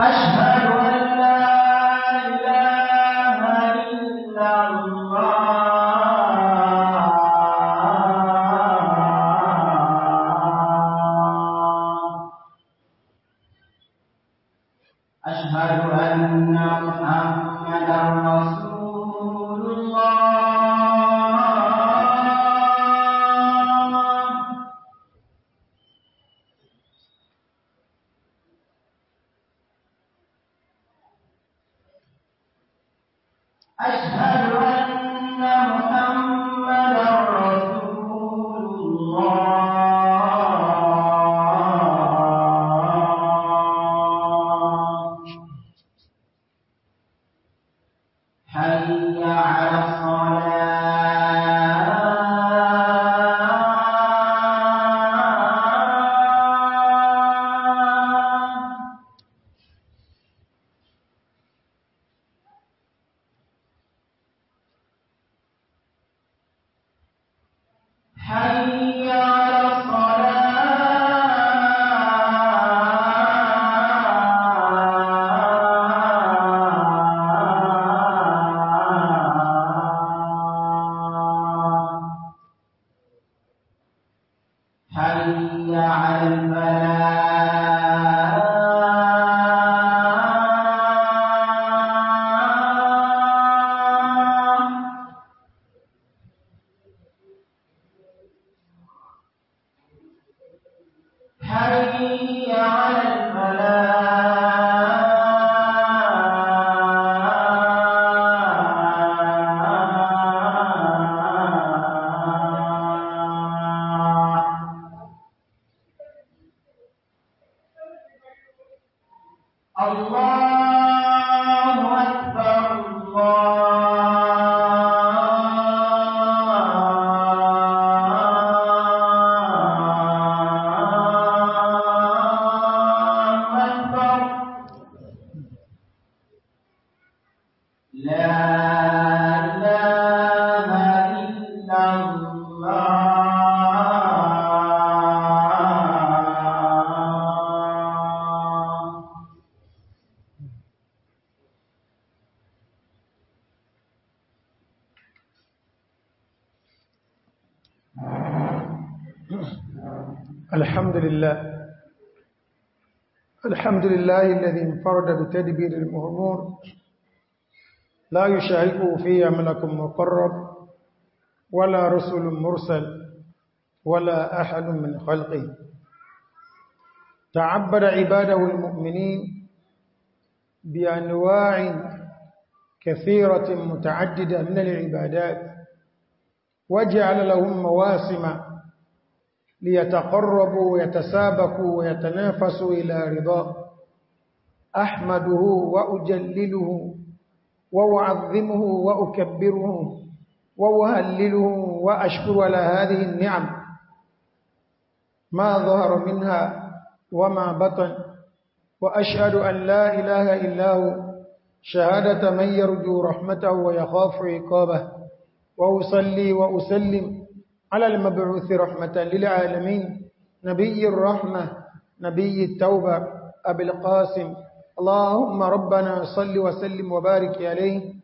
أشهد الله الحمد لله الذي انفرد بتدبير الأمور لا يشاركه فيه ملك مقرب ولا رسل مرسل ولا أحد من خلقه تعبد عباده المؤمنين بأنواع كثيرة متعددة من العبادات وجعل لهم مواسم ليتقربوا ويتسابقوا ويتنافسوا إلى رضاه أحمده وأجلله وأعظمه وأكبره وأهلله وأشكر على هذه النعم ما ظهر منها وما بطن وأشهد أن لا إله إلا هو شهادة من يرجو رحمته ويخاف عقابه وأصلي وأسلم على المبعوث رحمة للعالمين نبي الرحمة نبي التوبة أبي القاسم اللهم ربنا صل وسلم وبارك عليه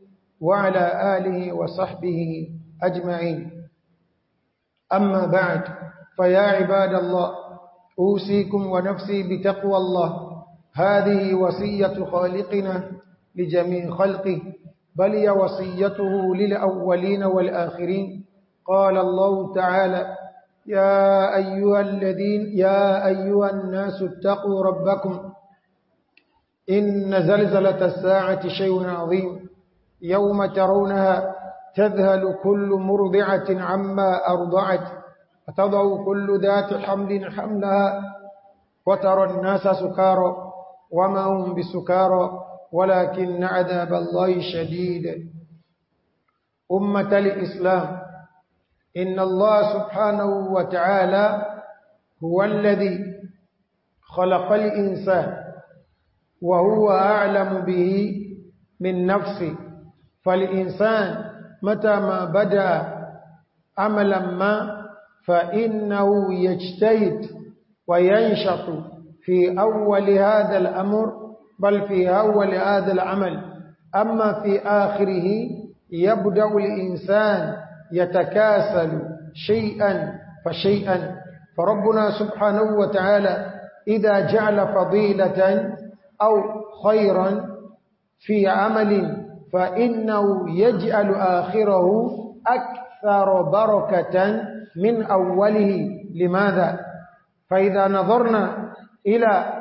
وعلى آله وصحبه أجمعين أما بعد فيا عباد الله أوسيكم ونفسي بتقوى الله هذه وصية خالقنا لجميع خلقه بل وصيته للأولين والآخرين قال الله تعالى يا أيها الذين يا أيها الناس اتقوا ربكم إن زلزلة الساعة شيء عظيم يوم ترونها تذهل كل مرضعة عما أرضعت وتضع كل ذات حمل حملها وترى الناس سكارى وما هم بسكارى ولكن عذاب الله شديد أمة الإسلام إن الله سبحانه وتعالى هو الذي خلق الإنسان وهو أعلم به من نفسه فالإنسان متى ما بدأ عملا ما فإنه يجتهد وينشط في أول هذا الأمر بل في أول هذا العمل أما في آخره يبدأ الإنسان يتكاسل شيئا فشيئا فربنا سبحانه وتعالى إذا جعل فضيلة أو خيرا في عمل فإنه يجعل آخره أكثر بركة من أوله لماذا؟ فإذا نظرنا إلى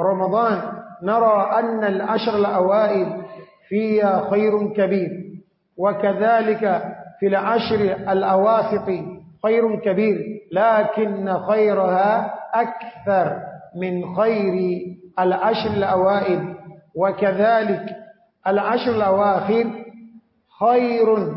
رمضان نرى أن العشر الأوائل فيها خير كبير وكذلك في العشر الأواسط خير كبير لكن خيرها أكثر من خير العشر الأوائل وكذلك العشر الأواخر خير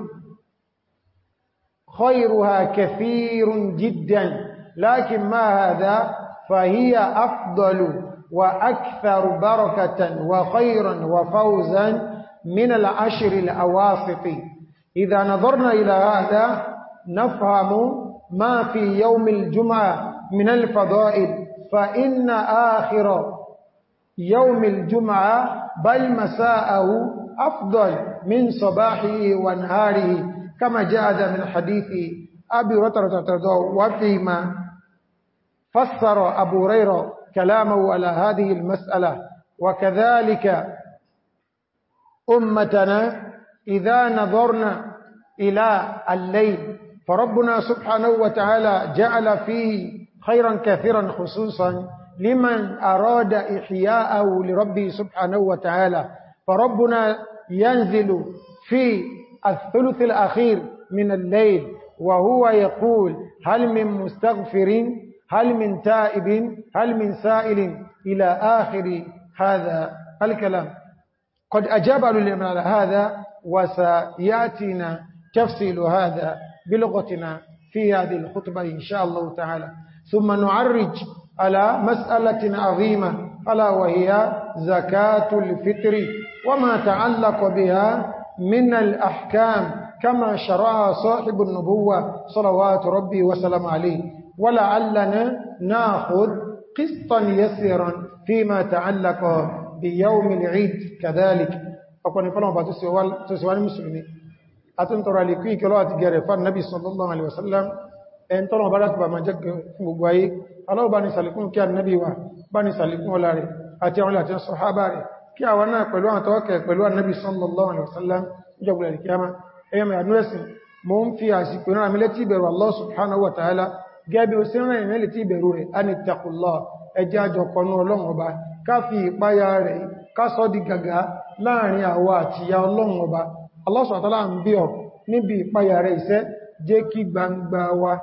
خيرها كثير جدا لكن ما هذا فهي أفضل وأكثر بركة وخيرا وفوزا من العشر الأواسط إذا نظرنا إلى هذا نفهم ما في يوم الجمعة من الفضائل فإن آخر يوم الجمعة بل مساءه أفضل من صباحه ونهاره كما جاء من حديث أبي رترة تردو وفيما فسر أبو هريرة كلامه على هذه المسألة وكذلك أمتنا إذا نظرنا إلى الليل فربنا سبحانه وتعالى جعل فيه خيرا كثيرا خصوصا لمن أراد إحياءه لربه سبحانه وتعالى فربنا ينزل في الثلث الأخير من الليل وهو يقول هل من مستغفر هل من تائب هل من سائل إلى آخر هذا الكلام قد أجاب للإمام على هذا وسيأتينا تفصيل هذا بلغتنا في هذه الخطبة إن شاء الله تعالى ثم نعرج على مسألة عظيمة ألا وهي زكاة الفطر وما تعلق بها من الأحكام كما شرع صاحب النبوة صلوات ربي وسلم عليه ولعلنا ناخذ قسطا يسيرا فيما تعلق بيوم العيد كذلك أقول فلما باتسوال المسلمين أتن ترى لكي كلوة جارفة النبي صلى الله عليه وسلم أن ترى بلات بما جك مبواي الله باني سالكون كي النبي باني سالكون ولاري أتي أولا أتي الصحابة كي أولا قلوا أن توقع قلوا النبي صلى الله عليه وسلم جاءوا للكيامة أيما يدنوسن مهم في عسيكونا عملتي بيرو الله سبحانه وتعالى جابي وسنة عملتي بيرو أن اتقوا الله ẹjẹ́ àjọkọ̀nú ọlọ́run ọba ká fi ìpáyà rẹ̀ ká di gaga láàrin awa àti ya ọlọ́run ọba Allah subhanahu ń bí ọ níbi ìpáyà rẹ̀ iṣẹ́ jẹ́ kí gbangba wa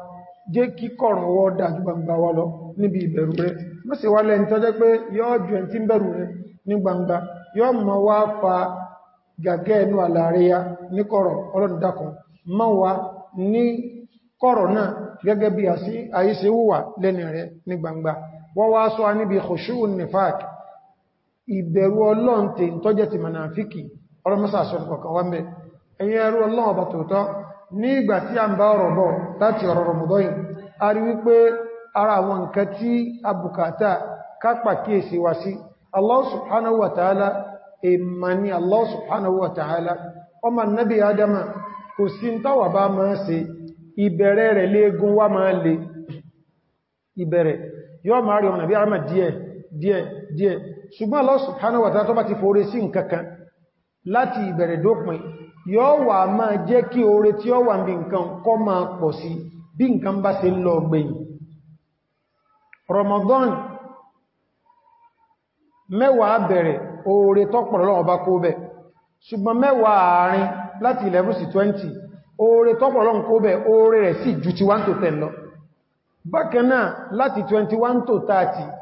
jẹ́ kí kọ̀rọ̀ wọ́ dájú gbangba wa lọ níbi ìbẹ̀rù rẹ̀ mọ́ sí wá lẹ́ni tó pé yọ́ jù ẹ̀ntí fa gàgẹ́ ẹnu ya ní kọ̀rọ̀ ọlọ́run dákan mọ́ wá ní kọ̀rọ̀ náà gẹ́gẹ́ bí àṣí rẹ̀ ní gbangba ìbẹ̀rù ọlọ́run tí ń tọ́jẹ́ ti manáfíkì ọlọ́mọ́sà sọ́rọ̀ kọ̀kan wọ́n mẹ́ ẹ̀yìn ẹrù ọba tòótọ́ ní ìgbà tí a ń bá ọ̀rọ̀ bọ̀ láti ọ̀rọ̀ rọmọdọ́yìn a rí wípé ara àwọn nǹkan tí a bùkátà kápà kíyèsí wa sí Allah subhanahu wa wa adama kò ṣùgbọ́n Allah subhanahu wa ta'ala tó bá ti fòore sí nkankan láti ìbẹ̀rẹ̀ dópin yóò wà máa jẹ́ kí oore tí ó wà bí nǹkan kọ́ máa pọ̀ sí bí nǹkan bá ṣe lọ gbẹ̀yìn Ramadan mẹ́wàá bẹ̀rẹ̀ oore tọ́pọ̀lọ́ lọ́wọ́ bá kó bẹ̀ ṣùgbọ́n mẹ́wàá àárín láti 11 sí 20 oore tọ́pọ̀lọ́ kó bẹ̀ oore rẹ̀ sì ju ti 1 to 10 lọ to 30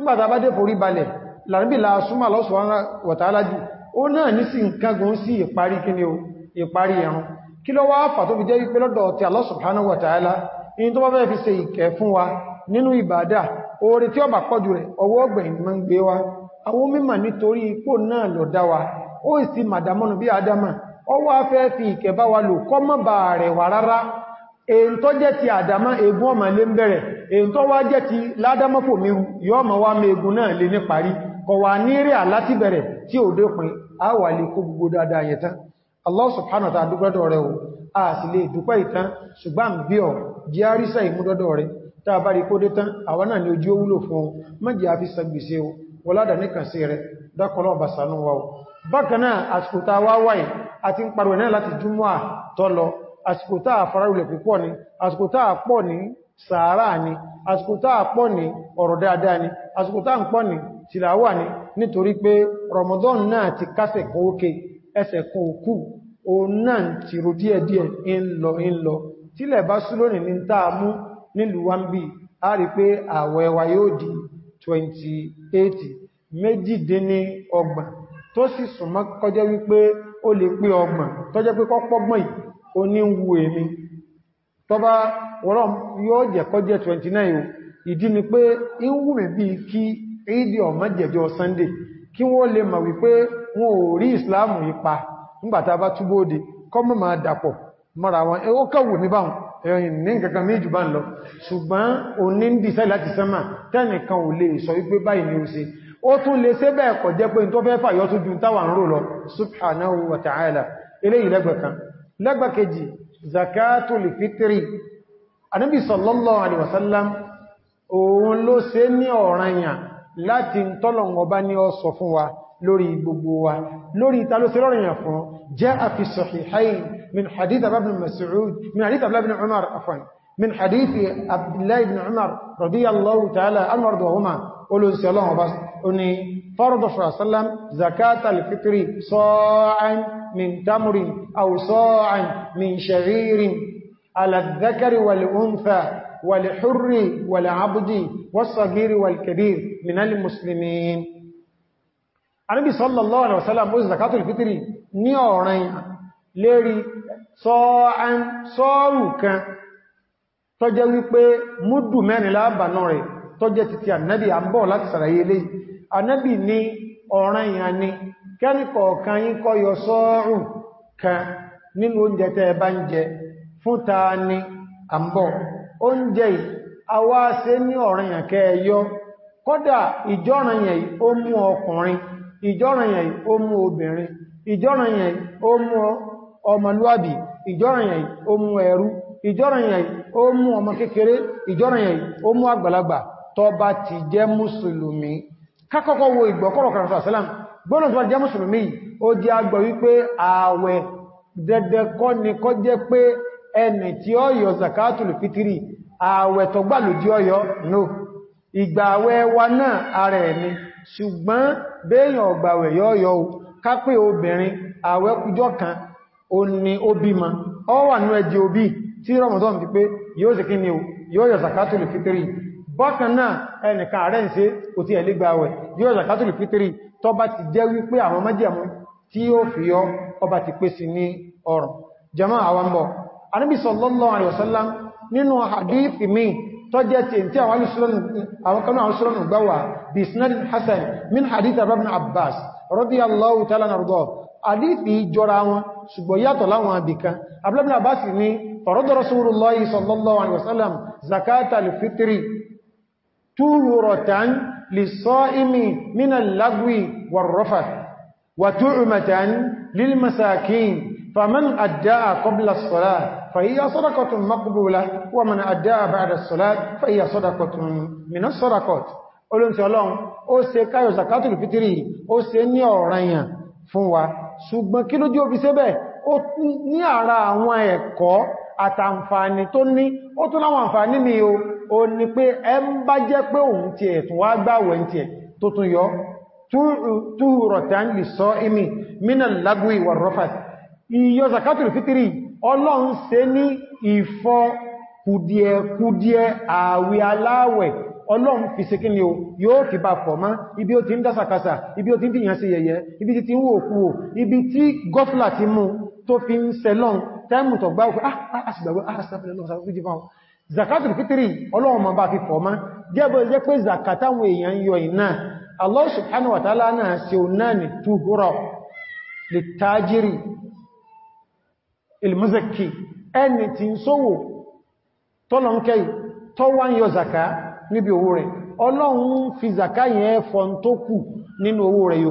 nígbàtà bá dé forí balẹ̀ lànàbí lásúmà lọ́sùwárá wàtàlájù ó náà ní sí nkágun sí ìparí kíni o ìparí ẹ̀rùn kí ló wá fà tó fi jẹ́ wípé lọ́dọ̀ ti Allah subhanahu wa ta'ala in tó bá fẹ́ fi ṣe ìkẹ́ fún wa nínú ìbàdà oore tí ó bà pọ̀jù rẹ̀ ọwọ́ ọgbẹ̀yìn mọ́ ń gbé wa àwọn mímọ̀ nítorí èyí tó jẹ́ ti àdámá egun ọmọ lè ń bẹ̀rẹ̀ èyí tó wá jẹ́ ti ládámọ́fò míru yóò mọ̀ wá megun náà lè ní parí kọ wà ní rí àláti bẹ̀rẹ̀ tí ò dópin a wà lè kó gbogbo dáadáa yẹn tán Allah subhanahu wa ta'ala dúpẹ́dọ̀ a sì lè dúpẹ́ ìtàn ṣùgbọ́n bí ọ jẹ́ àrísà ìmúdọ́dọ̀ rẹ̀ tá a bá rí kó dé tán àwọn náà ni ojú ó wúlò fún ọ mẹ́jì a fi sàgbèsè o àsìkò táà fararulẹ̀ púpọ̀ ni àsìkò táà pọ̀ ní sàárà ni àsìkò táà pọ̀ ní ọ̀rọ̀ dáadáa ni àsìkò táà ń pọ̀ ní tìlàwà ni nítorí pé Ramadan náà ti kásẹ̀ kan ókè ẹsẹ̀ kan òkú o náà ti ro díẹ̀díẹ̀ ń lọ ń lọ tílẹ̀ bá sú lónìí ní táà mú nílùú wambi a rí pé àwẹ̀ wa yóò di 28 tó sì pé ọgbọ̀n oníwu èmi tọba wọ́n yóò jẹ́ kọjẹ́ 29 ìdí ni pé inwú mi bí kí ìdí ọmọ jẹjọ sunday kí wọ́n lè wípé ò islam ipa nígbàtà bá túbọ̀ òde kọmọ̀ máa dàpọ̀ mara wọn ẹwọ́ kọwù mi báhùn ẹ̀yìn ní nǹkankan méjì bá ń lọ ṣùgbọ́n òní ń dìsẹ́ láti lẹ́gbàkejì zakatul fitri anábì sallallahu alaihi wasallam òun ló ṣe ní ọ̀ranyàn láti tọ́lọ̀wọ̀ bá ní ọsọ fún wa lórí gbogbo wa lórí ìta ló ṣe lọ́ranyàn fún jaa fi sahihayn min hadith ibn Mas'ud min hadith ibn Umar afwan min hadith Abdullah ibn Umar radiyallahu ta'ala anhu warḍahuma olóòsì ọlọ́wọ̀ bá oní fọ́rọ̀dọ̀ ṣàṣálàm zakat alfitri sọ́ọ̀án min tamurin au sọ́ọ̀án min sharirin aladzakari wal'unfa wal'urri wal'abdi wasagiri wal'kabir minal muslimin anábi sallallahu alaihi wasallam ó zakat alfitri ní ọ̀rìn lérí sọ́ọ̀án sọ́ọ̀rù kan tọ́jẹ́ wípé múdù mẹ́rin lábànú rẹ̀ tọ́jẹ́ títí ànábì àmbọ̀ láti sàràyé léyìí anábì ní ọ̀ràn ìyàn ni kẹ́nìkọ̀ kan yí kọ́ yọ sọ́ọ̀rùn kan nínú oúnjẹ tẹ́ bá ń jẹ fún ta ni àmbọ̀ oúnjẹ awáṣe ní ọ̀ràn ìyàn kẹ́ yọ kódà ìjọ́ranyàn ó ọkùnrin ó mú obìnrin ti jẹ́ kákọ́kọ́ wo ìgbọ̀kọ́rọ̀ kan sàṣẹ́lám gbọ́nà tó jẹ́ mùsùlùmí ó jẹ́ agbọ̀ wípé ààwẹ̀ dẹ̀dẹ̀ ni kọ́ jẹ́ pé ẹni tí ó yọ zakatul fitiri ààwẹ̀ tó gbà lójí ọyọ no ìgbàwẹ̀ wa náà ara ẹni ṣùgbọ́n béèyàn ọgbàwẹ̀ yọ́yọ́ kápẹ́ obìnrin ààwẹ̀ kújọ́ kan ó ní bákan náà ẹnìkan ààrẹ ń ṣe kò tí ẹ̀lẹ́gbà wẹ̀ yóò zakatul fitri tó bá ti jẹ́ wípé àwọn májẹ̀mú tí ó fi yọ ọba ti pé sí ní ọrùn jama àwọn bọ̀ anábì sallallahu alaihi wasallam nínú hadithi mi tó jẹ́ tí tí àwọn kanú àwọn sọ́rọ̀nù gbáwà bí isnad hasan min hadith ibn abbas radiyallahu ta'ala anhu hadithi jọra wọn ṣùgbọ́n yàtọ̀ láwọn zakata al-fitri تورة للصائم من اللغو والرفث وتعمة للمساكين فمن أداء قبل الصلاة فهي صدقة مقبولة ومن أداء بعد الصلاة فهي صدقة من الصدقات olóhun tí ọlọ́run ó ṣe káyọ̀ zakatul fitri ó ṣe ní ọ̀ranyàn fún wa ṣùgbọ́n kí ló jí ó fi ṣe bẹ́ẹ̀ ó tó ní ó tún láwọn àǹfààní mi o o ní pé ẹ ń bá jẹ́ pé òun ti ẹ̀tùn wá gbáwẹ̀ ń ti ẹ̀ tó tún yọ túrọ̀tán lè sọ imi mina lagwi wa rọ́fàt iyọ zakatul fitiri ọlọ́run se ní ìfọ́ kùdíẹ̀kùdíẹ̀ ààwẹ̀ aláwẹ̀ ọlọ́run fi ṣe kíni o yóò fi bá fọ̀ mọ́ ibi ó ti ń dásàkásà ibi ó ti ń dìyàn sí yẹyẹ ibi ti ti ń wò kú o ibi tí tó fi ń sẹlọ́n tẹ́mù tọ̀gbá òkú ah asìgbàgbà ah, ah, asìgbàgbà ah, zakatul fitri ọlọ́run ma bá fi fọ́má gẹ́bọ̀ jẹ́ pé zakatáwọn èèyàn yọ iná Allah subhanahu wa náà ṣe o náà ni túhúrọ̀ lè tajiri ilmuzaki ẹni tí ń sówò tọ́lọ̀nkẹ́ tọ́wà ń yọ zaka níbi owó rẹ̀ ọlọ́run fi zaka yẹn tó kù owó rẹ̀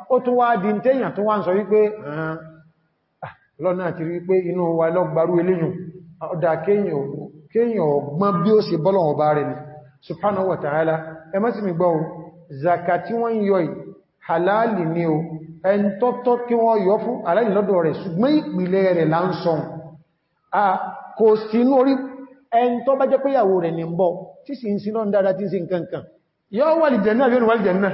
ó tún wá di tẹ́yàn tó wá ń sọ wípé ah, lọ́nà àti wípé inú wa lọ́gbàrú eléyìn ọdá kéèyàn ọgbọ́n bí ó ṣe bọ́lọ̀ ọba rẹ̀ ni subhanahu wa ta'ala ẹ mi gbọ́ zaka tí wọ́n yọ halali ni o ẹn tọ́tọ́ kí wọ́n yọ fún halali lọ́dọ̀ rẹ̀ ṣùgbọ́n ìpìlẹ̀ rẹ̀ là ń sọ kò sí inú orí ẹn tọ́ bá jẹ́ pé ìyàwó rẹ̀ ní ń bọ̀ tí sì ń sinú dáadáa tí ń ṣe nǹkan kan yọ́ wà lìjẹ̀ náà yóò wà lìjẹ̀ náà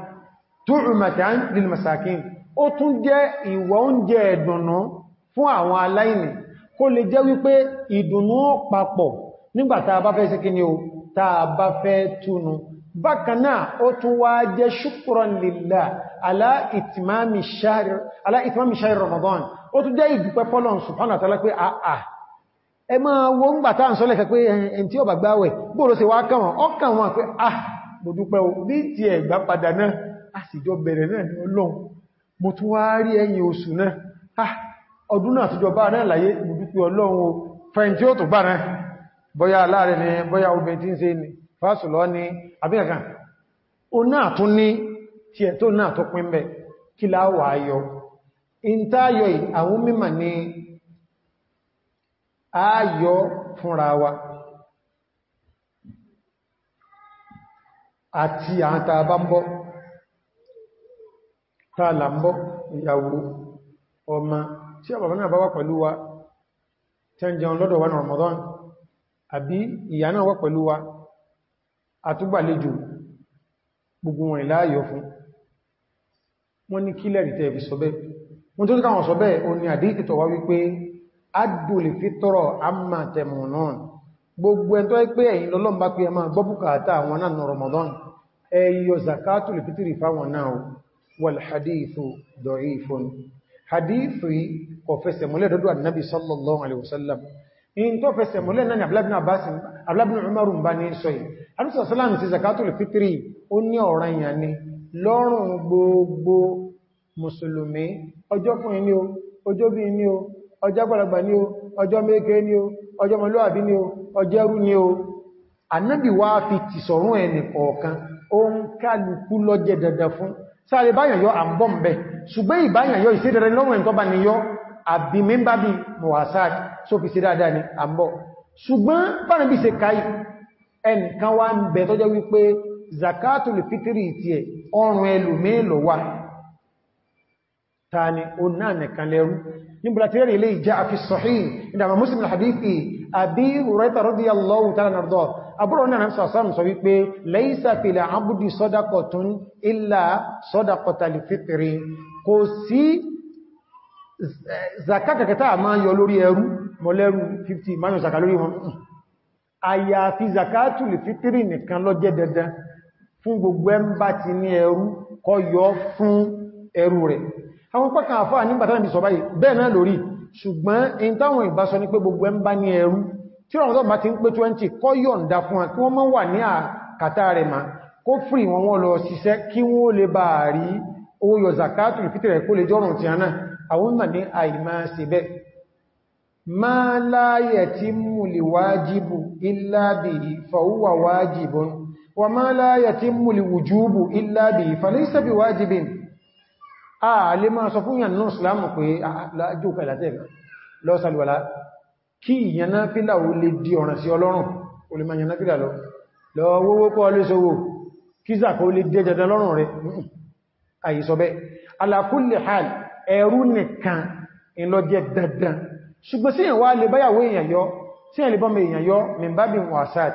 tu'matan lil masakin ó tún jẹ́ ìwọ̀ oúnjẹ ẹ̀dùnnú fún àwọn aláìní kó lè jẹ́ wípé ìdùnnú papọ̀ nígbàtà bá fẹ́ síkíní o tàà bá fẹ́ túnu bákanáà ó tún wá jẹ́ shukran lillah ala itmami shahr ala itmami shahr ramadan ó tún jẹ́ ìdúpẹ́ fọ́lọ́n subhanahu wa ta'ala pé àà ẹ máa wo ń gbàtà ń sọ́lẹ̀ pé ẹn tí ó bàgbáwẹ̀ bóòrò sí wá kàn wọ́n ọkàn wọn pé ah mo dúpẹ́ o bí ti ẹ̀gbà padà náà àsìjọ bẹ̀rẹ̀ náà ní ọlọ́run mo tún wá rí ẹ̀yìn oṣù náà ah, ọdún náà bá náà láyé ọlọ́un o fẹ́yìn tí ó tó bá náà bọ́yá aláàrẹ ni bọ́yá obìnrin tí ń ṣe ní ní tààlàmbọ́ ìyàwó ọmọ tí àbàbà náà bá wà pẹ̀lú wa tẹ́jẹun lọ́dọ̀ wa ní Ramadan àbí ìyá náà wà pẹ̀lú wa àtúgbàlejò gbogbo wọn ìláyọ̀ fún wọ́n ní kílẹ̀ rí tẹ́ẹ̀bì sọ bẹ́ẹ̀ wọ́n tó káwọn sọ bẹ́ẹ̀ o ní àdíkì tọ̀wá wípé adùlì fi tọ́rọ̀ àmà tẹ̀mù náà Ramadan ẹ yọ zakatù lè fitiri والحديث ضعيف حديثي وفسر مولد النبي صلى الله عليه وسلم in tó fẹsẹ̀ múlẹ̀ náà ni abúlábìnà abásin abúlábìnà umarun bá ní sọ yìí alúsọ̀ sálàmù sí zakatul fitri ó ní ọ̀ràn ìyà ni lọ́rùn gbogbo mùsùlùmí ọjọ́ fún ní o ọjọ́ bí ní o ọjọ́ gbọ́lagbà ní o ọjọ́ méke ní o ọjọ́ mọlúàbí ní o ọjọ́ ẹrú ní o Ànábì wá fi tìsọ̀rún ẹnì kọ̀ọ̀kan ó ń kálukú lọ́jẹ́ dandan fún sáàrẹ báyàn yọ àbọ̀m̀bẹ̀ ṣùgbẹ́ ìbáyàn yọ ìsẹ́dẹ̀rẹ̀ lọ́rùn ẹ̀kọ́ bá ni yọ àbí mẹ́mbà bí mohasad só fi sí dáadáa ni àbọ̀ ṣùgbọ́n bára bí ṣe káì ẹnìkan wá ń bẹ̀ tọ́jọ́ wípé zakatul fitri ti ẹ̀ ọrùn ẹlòmí lọ tani o náà nìkan lẹ́rú níbùlá tí rẹ̀ ilé ìjá àfi sọ̀hí ìdàmà muslim al-hadithi àbí Hurayrah radiyallahu ta'ala anhu àbúrò náà sọ sáàmù sọ wípé laysa fil abdi sadaqatun illa sadaqatal fitri kò sí eh, zakakakata fún gbogbo ẹmbá ti ní ẹrú kó yọ fún ẹrú rẹ̀ àwọn pẹ́kàn àfáà ní bàtàlẹ̀ ìbìsọ̀ báyìí bẹ́ẹ̀ náà lórí ṣùgbọ́n in táwọn ìbásọ ní pé gbogbo ẹm bá ní ẹrú tí wọ́n tó bá ti ń pé 20 kọ́ yọ̀ǹda fún wa kí wọ́n mọ́ wà ní àkàtà rẹ̀ ma kó fìrì wọn wọ́n lọ ṣiṣẹ́ kí wọ́n lè bá rí owó yọ zakatù ìfitẹ̀rẹ̀ kó ààlé máa sọ fún ìyàn náà ìsìlámù pé àjòkà ìlàtẹ́ẹ̀kà lọ́sàlùwàlá kí ìyànná fílà ó lè di ọ̀ràn sí ọlọ́run o lè máa yànná fílà lọ lọ́wọ́wọ́ kọ́ lè sọ́wọ́ kí zàkó lè dẹjẹta lọ́rùn rẹ̀ ala kulli hal ẹ̀rú nìkan ìlọ́jẹ́ dandan ṣùgbọ́n sí ìwà lè báyàwó èèyàn yọ sí ẹ̀lẹ́bọ́mọ èèyàn yọ mìbábí wàsát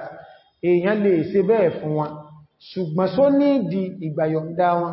èèyàn lè ṣe bẹ́ẹ̀ fún wọn ṣùgbọ́n só ní ìdí ìgbàyọ̀ǹda wọn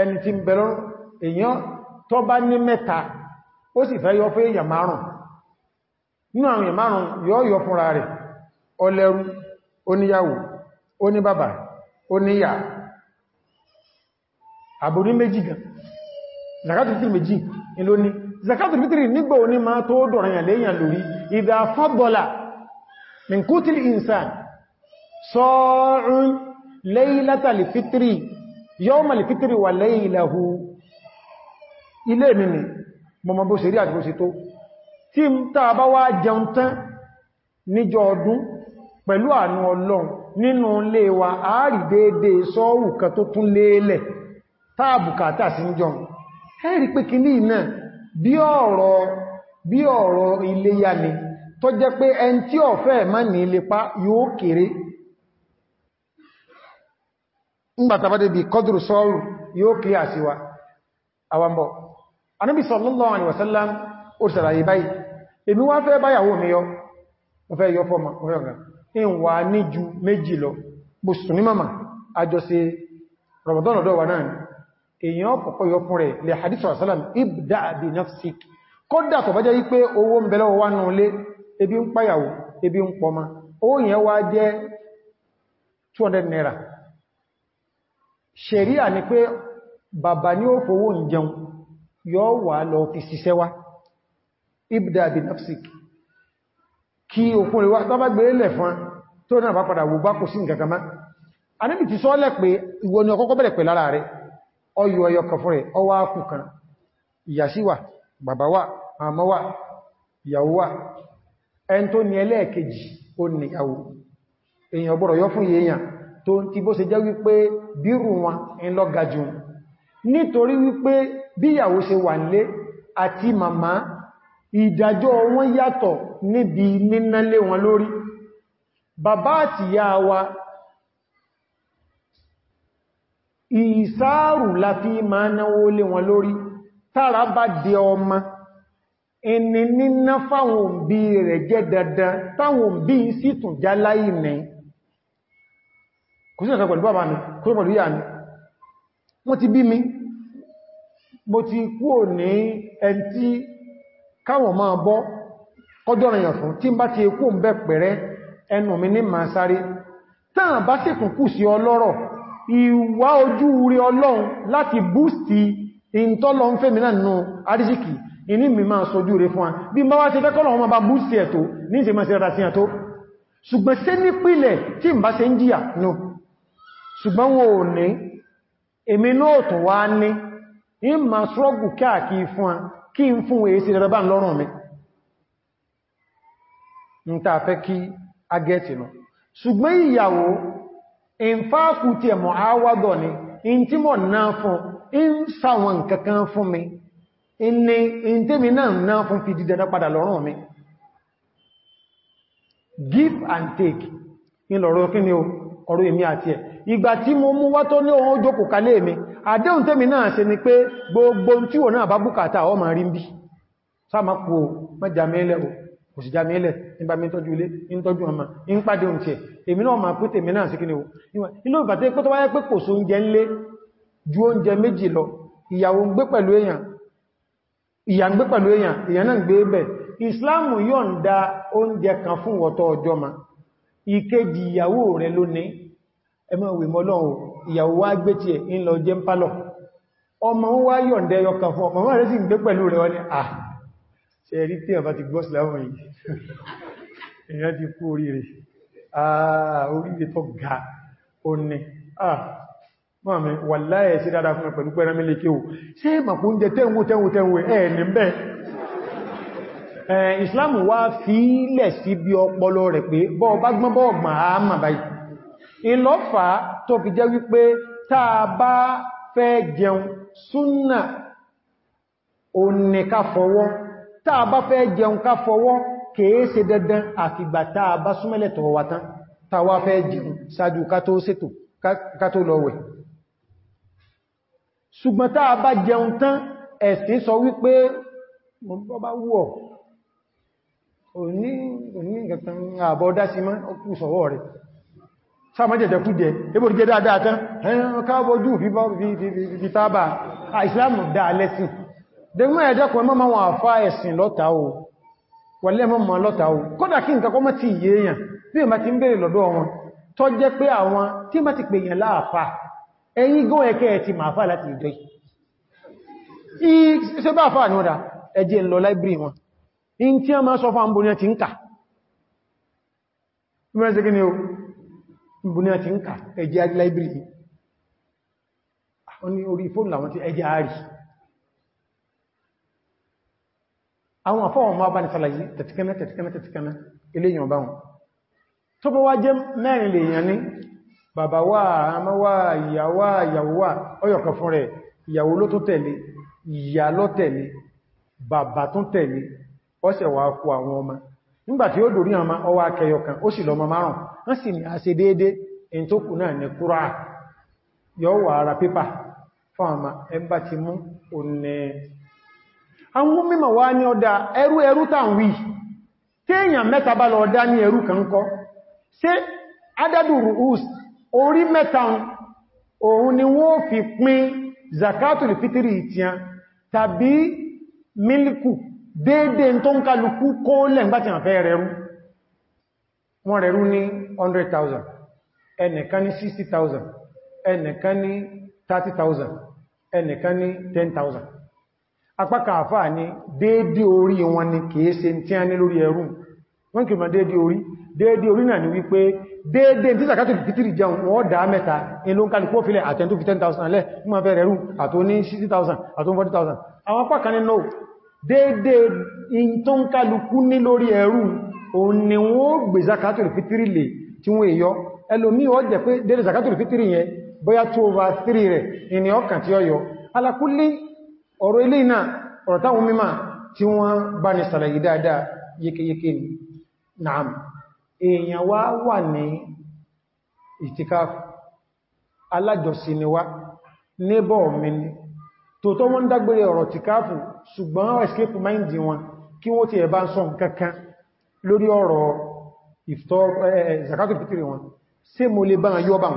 ẹni tí ń bẹ̀rọ èyàn tó bá ní mẹ́ta ó sì fẹ́ yọ fún èyàn márùn nínú àwọn èyàn márùn yọ yọ fúnra rẹ̀ ọlẹ́rú oníyàwó oníbàbà oníyà àbúrí méjì gan zakatul fitri méjì ìlú ní zakatul fitri nígbà oní máa tó dọ̀ranyàn léyàn lórí ìdá fọ́bọ̀lá min kútìlì insan sọ́ọ̀rún laylata li fitri yọ́mọ̀lì fítìrì wà lẹ́yìn ìlàhù ilé mi ni mọ̀mọ̀ bó ṣe rí àti bó ṣe tó tí ń tàà bá wá jẹun tán níjọ ọdún pẹ̀lú àánú ọlọ́run nínú ilé wa àárí déédé sọ́ọ̀rù kan tó tún léèlẹ̀ táàbùkátà sí jọ ẹ̀rí pé ngbàtàbádé bí kọdùrù sọ́rù yóò kí àṣíwá àwọ̀mbọ̀. anábì sallallahu alaihi wasallam ó sàràyè báyìí èmi wá fẹ́ báyàwó mi yọ mo fẹ́ yọ fọ́mà mama àjọsẹ ramadan ọ̀dọ́ wa náà ni èèyàn ọ̀pọ̀ rẹ̀ lè hadith sallam ibda bi nafsik kódà tó bá jẹ́ wípé owó ń bẹ̀lọ́ wà nù lé ebi ń pàyàwó ebi ń pọ̀mà ó yẹn wá jẹ́ 200 naira ṣẹ̀ríà ni pé bàbá ní ó fowó ń jẹun yóò wà lọ fi ṣiṣẹ́ wá ibda bi nafsik kí òkun rẹ̀ wá tó bá gbèrè lẹ̀ fún tó náà bá padà wò bá kò sí nǹkan kan má anábì ti sọ́ọ́lẹ̀ pé ìwọ ni ọkọ́kọ́ bẹ̀rẹ̀ pẹ̀ lára rẹ̀ ọyọ ọyọ kan fún rẹ̀ ọwá kù kan ìyàsí wà bàbá wà àmọ́ wà ìyàwó wà ẹn tó ní ẹlẹ́ẹ̀kejì ó nìyàwó èèyàn gbọ́rọ̀ yọ fún yéèyàn tó ń ti bó ṣe jẹ́ wípé bírù wọn ń lọ gajú nítorí wípé bíyàwó ṣe wà lé àti màmá ìdájọ́ wọn yàtọ̀ níbi nínálé wọn lórí bàbá àti ìyá wa ìsáàrù la fi ma náwó lé wọn lórí tára bá dé ọmọ ẹni níná fáwọn rẹ̀ jẹ́ dandan táwọn òbí sì tún já láì mẹ́rin kò sí ọ̀sán pẹ̀lú bàbá mi kò sí pẹ̀lú ìyá mi wọ́n ti bí mi mo ti kúrò ní ẹn tí káwọn máa bọ́ kọjọ́ rìnyàn fún tí ń bá ti kú ń bẹ́ pẹ̀rẹ́ ẹnu mi ní ma sáré táà bá sì kùnkù sí ọlọ́rọ̀ ìwà ojú rí ọlọ́run láti búùsì ìntọ́lọ ń fẹ́ ní ìṣẹ́mọ̀ tí ń bá ṣe ń jìyà náà ṣùgbọ́n wọn ní èmi náà wá ní in ma ṣrọ́gù káàkiri fún kí n fún èsì rẹ̀ bá lọ́rùn mi n ta fẹ́ kí agẹ́tì nù ṣùgbọ́n ìyàwó in fáàkù ti ni in tí mọ̀ náà fún in sáwọn kankan fún mi in ni in tèmi náà náà fún fi mi give and take ìgbà tí mo mú wá tó ní ohun ó jókòó kalé mi àdéhùn tẹ́mi náà ṣe ni pé gbogbo tí wọ́n náà bá bùkátà ọ ma rí ń bí sáàmàpò mẹ́jàmẹ́lẹ̀ kò sí jàmẹ́lẹ̀ nígbà mi tọ́jú ilé ń tọ́jú ọmọ ń pàdé oúnjẹ èmi náà ma pé tèmi náà sí kí ni ó inú ìgbà tẹ́ pé tó wáyé kan fún wọ́tọ̀ ọjọ́ ma ìkejì ìyàwó rẹ̀ lónìí ẹmọ ìwé mọ́lọ́run ìyàwó wá gbé tí ẹ̀ ń lọ jẹ́ ń pálọ̀ ọmọ ń wá yọ̀ǹdẹ̀ yọkàn fún ọmọ rẹ̀ sì ń gbé pẹ̀lú rẹ̀ wọ́n ni à ṣe rí tí àbá ti gbọ́ síláwọ̀n yìí èèyàn ti kú ga ó ní à mọ́mí wà láyẹ̀ sí dáadáa fún o ṣe màkó oúnjẹ tẹ́wọ́ tẹ́wọ́ tẹ́wọ́ ẹ̀ ní bẹ́ ìsìláàmù wá fílẹ̀ sí bí ọpọlọ rẹ̀ pé bọ́ bá gbọ́n bọ́ ọgbọ̀n àmà ìlọ́fà tó fi jẹ́ wípé táa bá fẹ́ jẹun súnnà òní ká fọwọ́ táa bá fẹ́ jẹun ká fọwọ́ kèé ṣe dandan àfìgbà táa bá súnmẹ́lẹ̀ tọ̀wọ̀ wá tán táwa fẹ́ jẹun ṣáájú ká tó ṣètò ká ṣùgbọ́n táa bá jẹun tán ẹ̀sìn sọ wípé mọ̀ bá wù ọ́ sáàmọ́jẹ̀jẹ̀ kú jẹ ebò jẹ dáadáa tán ẹ̀yàn káàbọ̀dú fìtàbà àìsìláàmù dá lẹ́sìn dẹ̀mọ́ ẹ̀dẹ́kùn ẹmọ́ máa wọn àfá ẹ̀sìn lọ́ta o wọlé mọ́ lọ́ta o kódà kí nǹkan kọmọ́ ti yé èèyàn bí i ma ti ń bèèrè lọ́dọ̀ wọn tó jẹ́ pé àwọn tí ma ti pè yàn láàfá ẹ̀yìn gán ẹ̀kẹ́ ti máa fà láti ìjọ ṣe bá fà ní ọ̀dá ẹjẹ́ lọ láìbírì wọn in tí a máa sọ fún àmbóníyàn ti ń kà mẹ́rin sí kí ni o ìbúní àti ń kà ẹjẹ́ àrí láìbìrì wọ́n ní orí fóònù àwọn tí ẹjẹ́ àrí àwọn àfọ́wọ̀n máa bá ní sàlàyé tẹ̀tìkẹ́mẹ́ tẹ̀tìkẹ́mẹ́ tẹ̀tìkẹ́mẹ́ eléyàn bá wọn tó bọ́ wá jẹ́ mẹ́rin lè yàn ní bàbá wà àmọ́ ìyàwó nígbàtí ó dòrí àmà ọwọ́ akẹyọ kan ó sì lọ márùn wọ́n sì ní àṣẹ déédé in tó kù náà ní kúrò yọ́wọ́ ara pépà fún àmà ẹmbà ti mú òní àwọn mímọ̀ wá ní ọdá ẹrú ẹrú us mẹ́ta ni zakatul fitiri tàbí déédé tó ń kálukú kó lẹ́gbàtí àfẹ́ rẹrú wọ́n rẹrú ní 100,000 ẹnìkan ní 60,000 ẹnìkan ní 30,000 ẹnìkan ní 10,000 apákà àfà ní déédé orí wọn ni kìí ṣe tí a ní lórí ẹrú wọ́n kìí ma déédé orí déédé orí náà ni wípé déédé tí sàkátù fìtìrì jẹun wọ́n dáa mẹ́ta inú kálukú fílẹ̀ àtẹ́ntó fi 10,000 lẹ́ mú ma fẹ́ rẹrú àtó ní 60,000 àtó 40,000 àwọn apákan ní no dédé in tó ń kálukú ní lórí ẹrù òun ni wọ́n gbé zakatul lè tí wọ́n èyọ ẹlòmí ó jẹ́ pé dédé zakatul fitri yẹn bóyá 2 3 rẹ̀ ìní ọkàn tí ó yọ alákúlé ọ̀rọ̀ ilé náà ọ̀rọ̀ táwọn mímọ̀ tí wọ́n bá ní sàlàyé dáadáa tòótọ́ wọ́n dágbére ọ̀rọ̀ ti káàfù ṣùgbọ́n wọ́n escape mind wọn kí wọ́n ti ẹ̀bá ń sọ nǹkankan lórí ọ̀rọ̀ zakatul fitri wọn ṣé mo lè bá yọ́ bá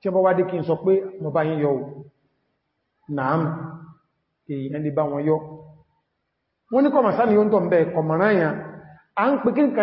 tí wọ́n wádé kí n sọ pé mo bá yín naam èèyàn lè bá wọn yọ wọ́n ní kọmọ̀ sáàmì yóò tọ́m bẹ́ kọmọ̀ráyàn a ń pè kíkà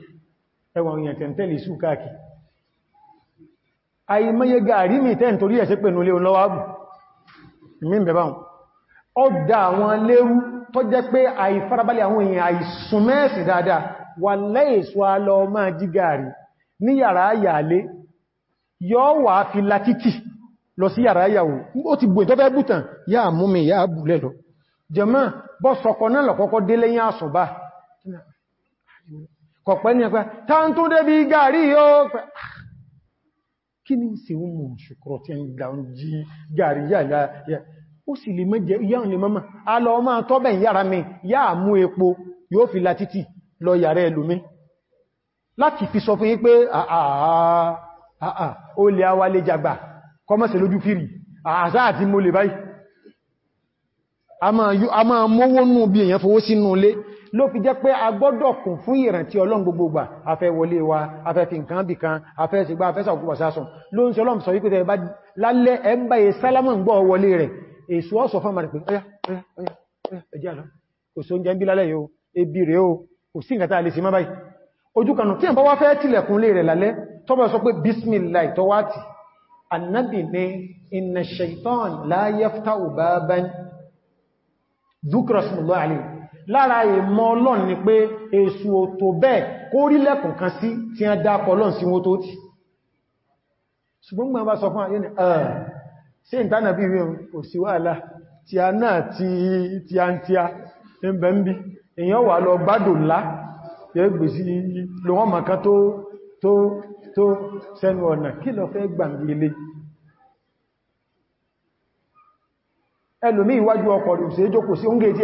ẹwà òyìn tẹ̀ntẹ̀lì ìṣù káàkì àìmọye gàrí mi tẹ́ nítorí ẹ̀ṣẹ́ pè nílé olówábù mímbẹ̀báhùn ọdá àwọn lérú tó jẹ́ pé àìfarabalẹ̀ àwọn èèyàn àìsùnmẹ́ẹ̀sì dáadáa wà lẹ́ẹ̀sù alọ máa jí gàrí ní yàrá yàlé yọ́ wà fi latítì lọ sí yàrá yàwó ó ti gbò ìtọ́fẹ́ bùtàn yà mú mi yà bù lẹ́lọ jẹ́mọ́ bọ́ sọkọ náà lọ̀kọ́kọ́ délé yà sọ̀bá kọ̀pẹ́ ní ẹ̀pẹ́ tántún débi gàrí yóò pẹ́ ah! kí ní sí ọmọ ṣùkúrọ̀ tí ń gbà ń jí gàrí yàyà ó sì lè mẹ́jẹ yáà lè mọ́mà a lọ máa tọ́bẹ̀ yára mi yáà mú epo yóò fi la títì lọ yàrá ẹlòmí láti fi sọ fún yín pé àà ó lè awà lè jàgbà kọmọ́sẹ̀ lójú fìrì àṣà àti mo lè báyìí a máa mówó nù bí ló fi jẹ́ pé agbọ́dọ̀ kún fún ìrántí Ọlọ́run gbogbogbà afẹ́ wọlé wa afẹ́ fi nǹkan bì kan afẹ́ sígbà afẹ́ sàkúkú sásùn ló ń sọ Ọlọ́run sọ wípé tẹ́ bá lálẹ́ ẹ yẹ sálámọ̀ gbọ́ wọlé rẹ̀ èso ọ̀sọ̀ fún àmàrin pé ọya lára ìmọ̀ ọlọ́n ni pé èsù òtò bẹ́ẹ̀ kó rí lẹ́kùn kan sí tí a dápọ̀ ọlọ́n sí wọ́n tó ti ṣùgbọ́n gbọ́n bá sọ fún àyẹ́ ni ẹ̀ẹ̀ sí ìtànàbí rí òsì wàhálà tí a náà tí a ń tí a ń bẹ̀ ń bí èyàn wà lọ gbádùn ńlá yẹ gbèsí lọ tó sẹ́nu ọ̀nà kí lọ fẹ́ gbàmgbélé ẹlòmí ìwájú ọkọ̀ ìrùsẹ́ jókòó sí oúnjẹ tí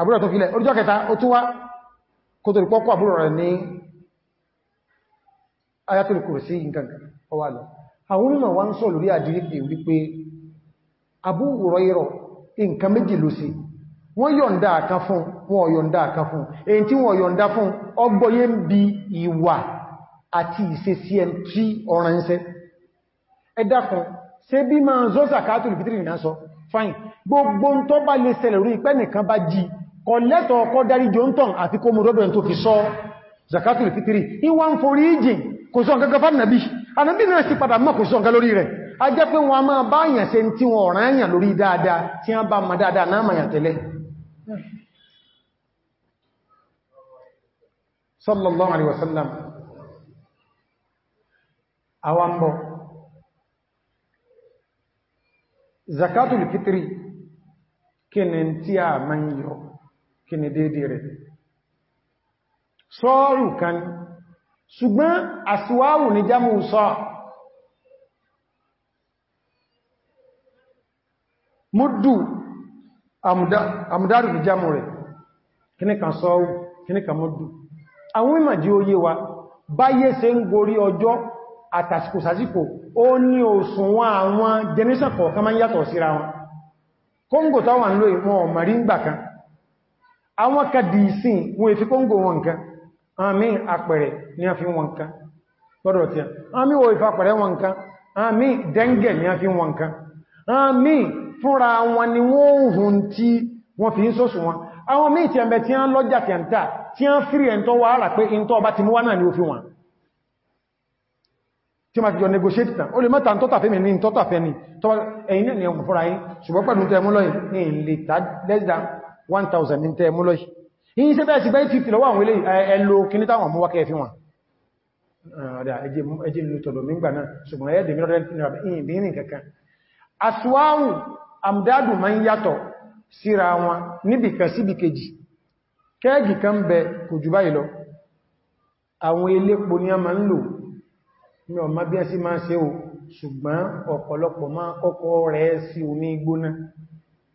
àbúrò tó filẹ̀ oríjọ́ kẹta ó tún wá kò tó ìpọ́kọ́ àbúrò rẹ̀ ní ayatul kursi nǹkan ọwà lọ àwọn onímọ̀ wá ń sọ lórí àdírípì wípé Abu Hurairah nǹkan méjì ló sí wọ́n yọ̀ǹda àkan fún wọn yọ̀ǹda àkan fún èyí tí wọ́n yọ̀ǹda fún ọgbọ́yé ń bi ìwà àti ìṣesí ẹn tí ọ̀ràn ń sẹ́ ẹ̀dàkùn ṣe bí máa ń zọ́sà káàtùlù fítìrì náà sọ fáyìn gbogbo ń tọ́ bá lè ṣẹlẹ̀ rí pẹ́ nìkan bá jí kọ̀lẹ́tọ̀ ọkọ̀ dárí jọntàn àti kó mú rọ́bìnrin tó fi sọ zakatul fitri ìwà ń forí ìjìn kò sọ nǹkan fún nàbí ànàbí náà sì padà mọ́ kò sọ nǹkan lórí rẹ̀ a jẹ́ pé wọn a máa bá àyàn se tí wọn ọ̀rán àyàn lórí dáadáa tí wọ́n sallallahu alaihi wasallam awambo zakatul fitri kí ni tí a máa ń kí ni déédé rẹ̀ sọ́ọ̀rù kan ṣùgbọ́n àsíwáwù ní jámù sọ múdù àmúdárù ní jámù rẹ̀ kí ni kan sọ́ọ̀rù kí ni kan múdù àwọn ìmàjí oyé wa báyé ṣe ń gorí ọjọ́ àtàsìkò sásìkò ó ní òṣùnwọ̀n àwọn jẹnìṣàn kọ̀ọ̀kan máa ń yàtọ̀ síra wọn kóngò táwọn lóì wọn ọ̀mọ̀rí ń gbà kan àwọn kàdì ìsìn wọn èfi kóngò wọn nǹkan àmì àpẹẹrẹ ni a fi wọn nǹkan lọ́dọ̀ tí àmì wọ ìfà wọn nǹkan àmì dẹ́ngẹ̀ ni a fi wọn nǹkan àmì fúnra wọn ni wọ́n hùn tí wọ́n fi ń sọ́sù wọn àwọn míì tí ẹmẹ tí a ń lọ́jà tí a ń tà tí a ń ni ó fi wọn tí ma ni ẹ̀yìn náà 1000 ní tẹ́ múlọ́ yìí ṣe bẹ́ẹ̀ sí bẹ́ẹ̀ fífì lọ́wọ́ àwọn ilé ẹlò kìní táwọn mú wákẹ́ fi wọn ọ̀dá ẹjẹ́ ìlú tọ̀dọ̀ mígbà náà ṣùgbọ́n ẹ̀ẹ́dẹ̀ mìírànlẹ́ni kankan aswáwù àmdádù ma ń yàtọ̀ síra wọn níbìkan síbi kejì kẹ́ẹ̀gì kan bẹ ṣùgbọ́n ọ̀pọ̀lọpọ̀ máa kọ́kọ́ rẹ̀ sí omi gbóná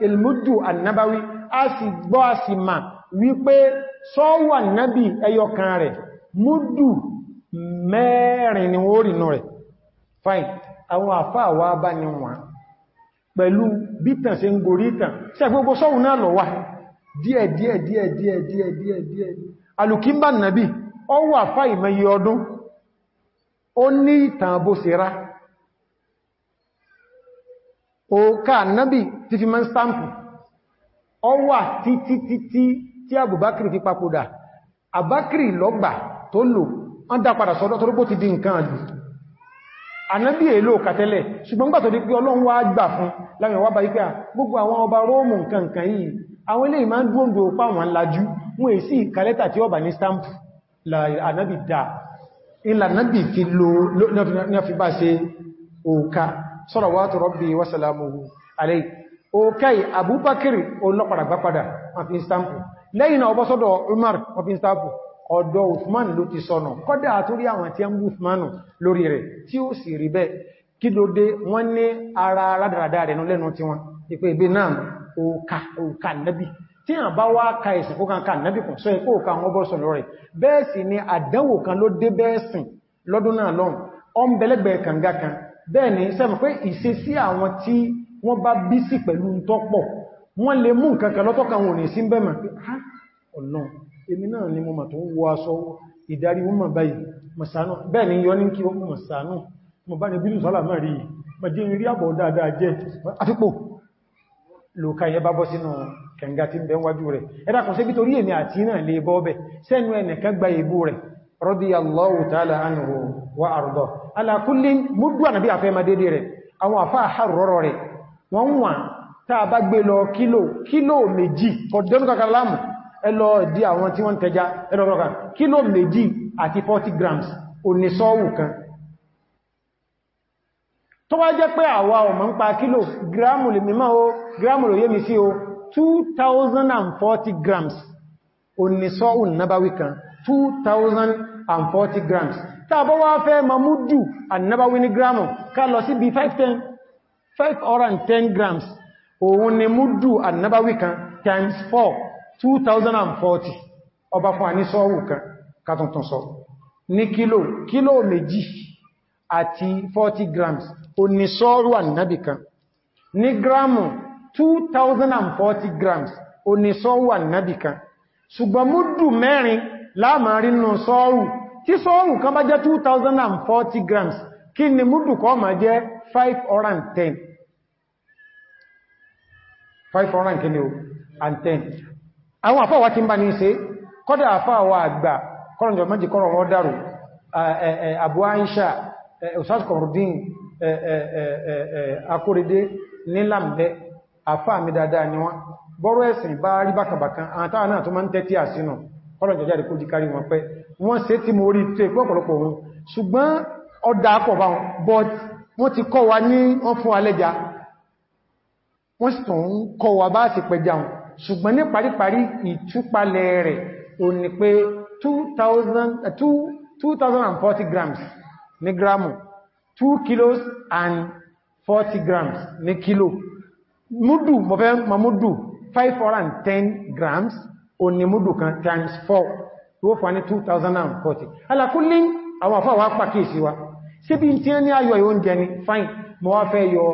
ilmuddu annabawi a sì gbọ́ a sì ma wípé sọ́wà nábi ẹyọkan rẹ̀ múdù mẹ́rin ni wọ́n rìnà rẹ̀ fine àwọn àfáà wá bá ní wọn pẹ̀lú bítàn se ń gorí ìtàn sí àgbogbo sọ́wù náà lọ wá díẹ̀ díẹ̀ díẹ̀ díẹ̀ díẹ̀ díẹ̀ díẹ̀ alùkímbà nàbí ọ wà fá tí fi máa ń stampu ọ wà títí títí tí àbùbákìrì fi papòdà àbákìrì lọ́gbà tó lò wọ́n dá padà sọ́dọ̀ tó rúgbó ti di nǹkan àjù ànábí èlò kàtẹ́lẹ̀ ṣùgbọ́n gbà tó di pé ọlọ́run wá gbà fún láwọn ìwà báyí pé à gbogbo àwọn ọba róòmù nǹkan yìí àwọn ilé ìmá ń dúóndò pa wọn lajú wọn è sí kàlẹ́tà tí ọba ní stamp ànábì dá ìlànábì fi lo ní ọfibá ṣe òkà sọ́rọ̀ wá tó rọ́bì wásàlámù aláìkú òkèì abúbákìrì olóparàgbápadà wọ́n fi ń stampu lẹ́yìn náà ọbọ́sọ́dọ̀ Umar wọ́n fi ọ̀dọ̀ Uthman ló ti sọnà kọ́dà àtúrí àwọn tí a ń bú Uthmanu lórí rẹ̀ tí ó sì rí bẹ́ẹ̀ kí ló dé wọ́n ní ara aládàradà rẹ̀ lẹ́nu tí wọ́n ipé ibi náà òkà nẹ́bì tí a ni àdánwò kan ló dé bẹ́ẹ̀sìn lọ́dún náà lọ́n ọmbẹ̀lẹ́gbẹ̀ẹ́ kànga kan bẹ́ẹ̀ ni sẹ́mọ̀ pé ìṣesí àwọn tí wọ́n bá bí sí pẹ̀lú tọ́pọ̀ wọ́n lè mú nǹkan kan lọ́tọ́ka wọn ní sí bẹ́mà pé ha ọ̀nà èmi náà ni mo mà tó ń wọ aṣọ ìdarí wọ́n báyìí mọ̀sánú bẹ́ẹ̀ ni yọ ní kí wọ́n mọ̀sánú mo bá ní bínú sọ́là máa rí mọ̀jẹ́ rí àbọ̀ dáadáa jẹ́ àfipò lòkà yẹ bá bọ́ sínú kẹ̀ǹgà tí ń bẹ bí àwọn àfáà harrọ̀rọ̀ rẹ̀ wọ́n wà tàà bá gbé lọ kílò kílò méjì ọdún kankan láàmù ẹlọ di àwọn tí wọ́n tẹja ẹlọ kankan kílò méjì àti 40 grams onísọ́wù kan tó wá jẹ́ pé àwa ọmọ ń pa kílò gíráàmù lè mímọ́ o gíráàmù lòye mi sí o 2040 grams onísọ́wù nábáwí kan 2040 grams tàbọ́wá fẹ́ mamudu annabawi ní gíráàmù ká lọ sí B 510 510 grams òun ni múdù annabawi kan times 4 2040 ọba fún àníṣọ́wù kan kàtùntùn sọ ní kílò kílò méjì àti 40 grams oníṣọ́rù annabi kan ní gramu 2040 grams oníṣọ́rù annabi kan ṣùgbọ́n múdù mẹ́rin láàmàrin nù sọ́rù tí sọ́rù kan bá jẹ́ 2040 grams kí ni múdù kọ́ ma jẹ́ 510 510 kí ni o and 10 àwọn àfáwà tí ń bá ní ṣe kọ́dà àfáwà àgbà kọ́rọ̀njọ méjì kọ́rọ̀ wọ́n dárò Abu Aisha Ustaz akóredé ní lámbẹ́ àfáà mi dáadáa ni wọ́n bọ́rọ̀ ẹ̀sìn bá rí bákàbàkan àtàwà náà tó máa ń tẹ́tí àsínà kọ́rọ̀njọ jáde kó jíkárí wọn pẹ́ wọ́n ṣe tí mo rí tó ẹ̀pọ̀ ọ̀pọ̀lọpọ̀ wọn ṣùgbọ́n ọdá akọ̀bá wọn but wọ́n ti kọ́ wa ní wọ́n fún alẹ́já wọ́n sì tàn ń kọ́ wa bá sì pẹja wọn ṣùgbọ́n ní paríparí ìtúpalẹ̀ rẹ̀ o ní pé 2040 grams ní gramu 2 kilos and 40 grams ní kilo múdù mọ̀fẹ́ ma múdù 510 grams o ní múdù kan times 4 tó fà ní 2040 alákúlé àwọn àfáwà pàkíyèsí wa síbí tí ó ní ayọ̀ ìwọ́njẹ ni fine mo wá fẹ́ yọ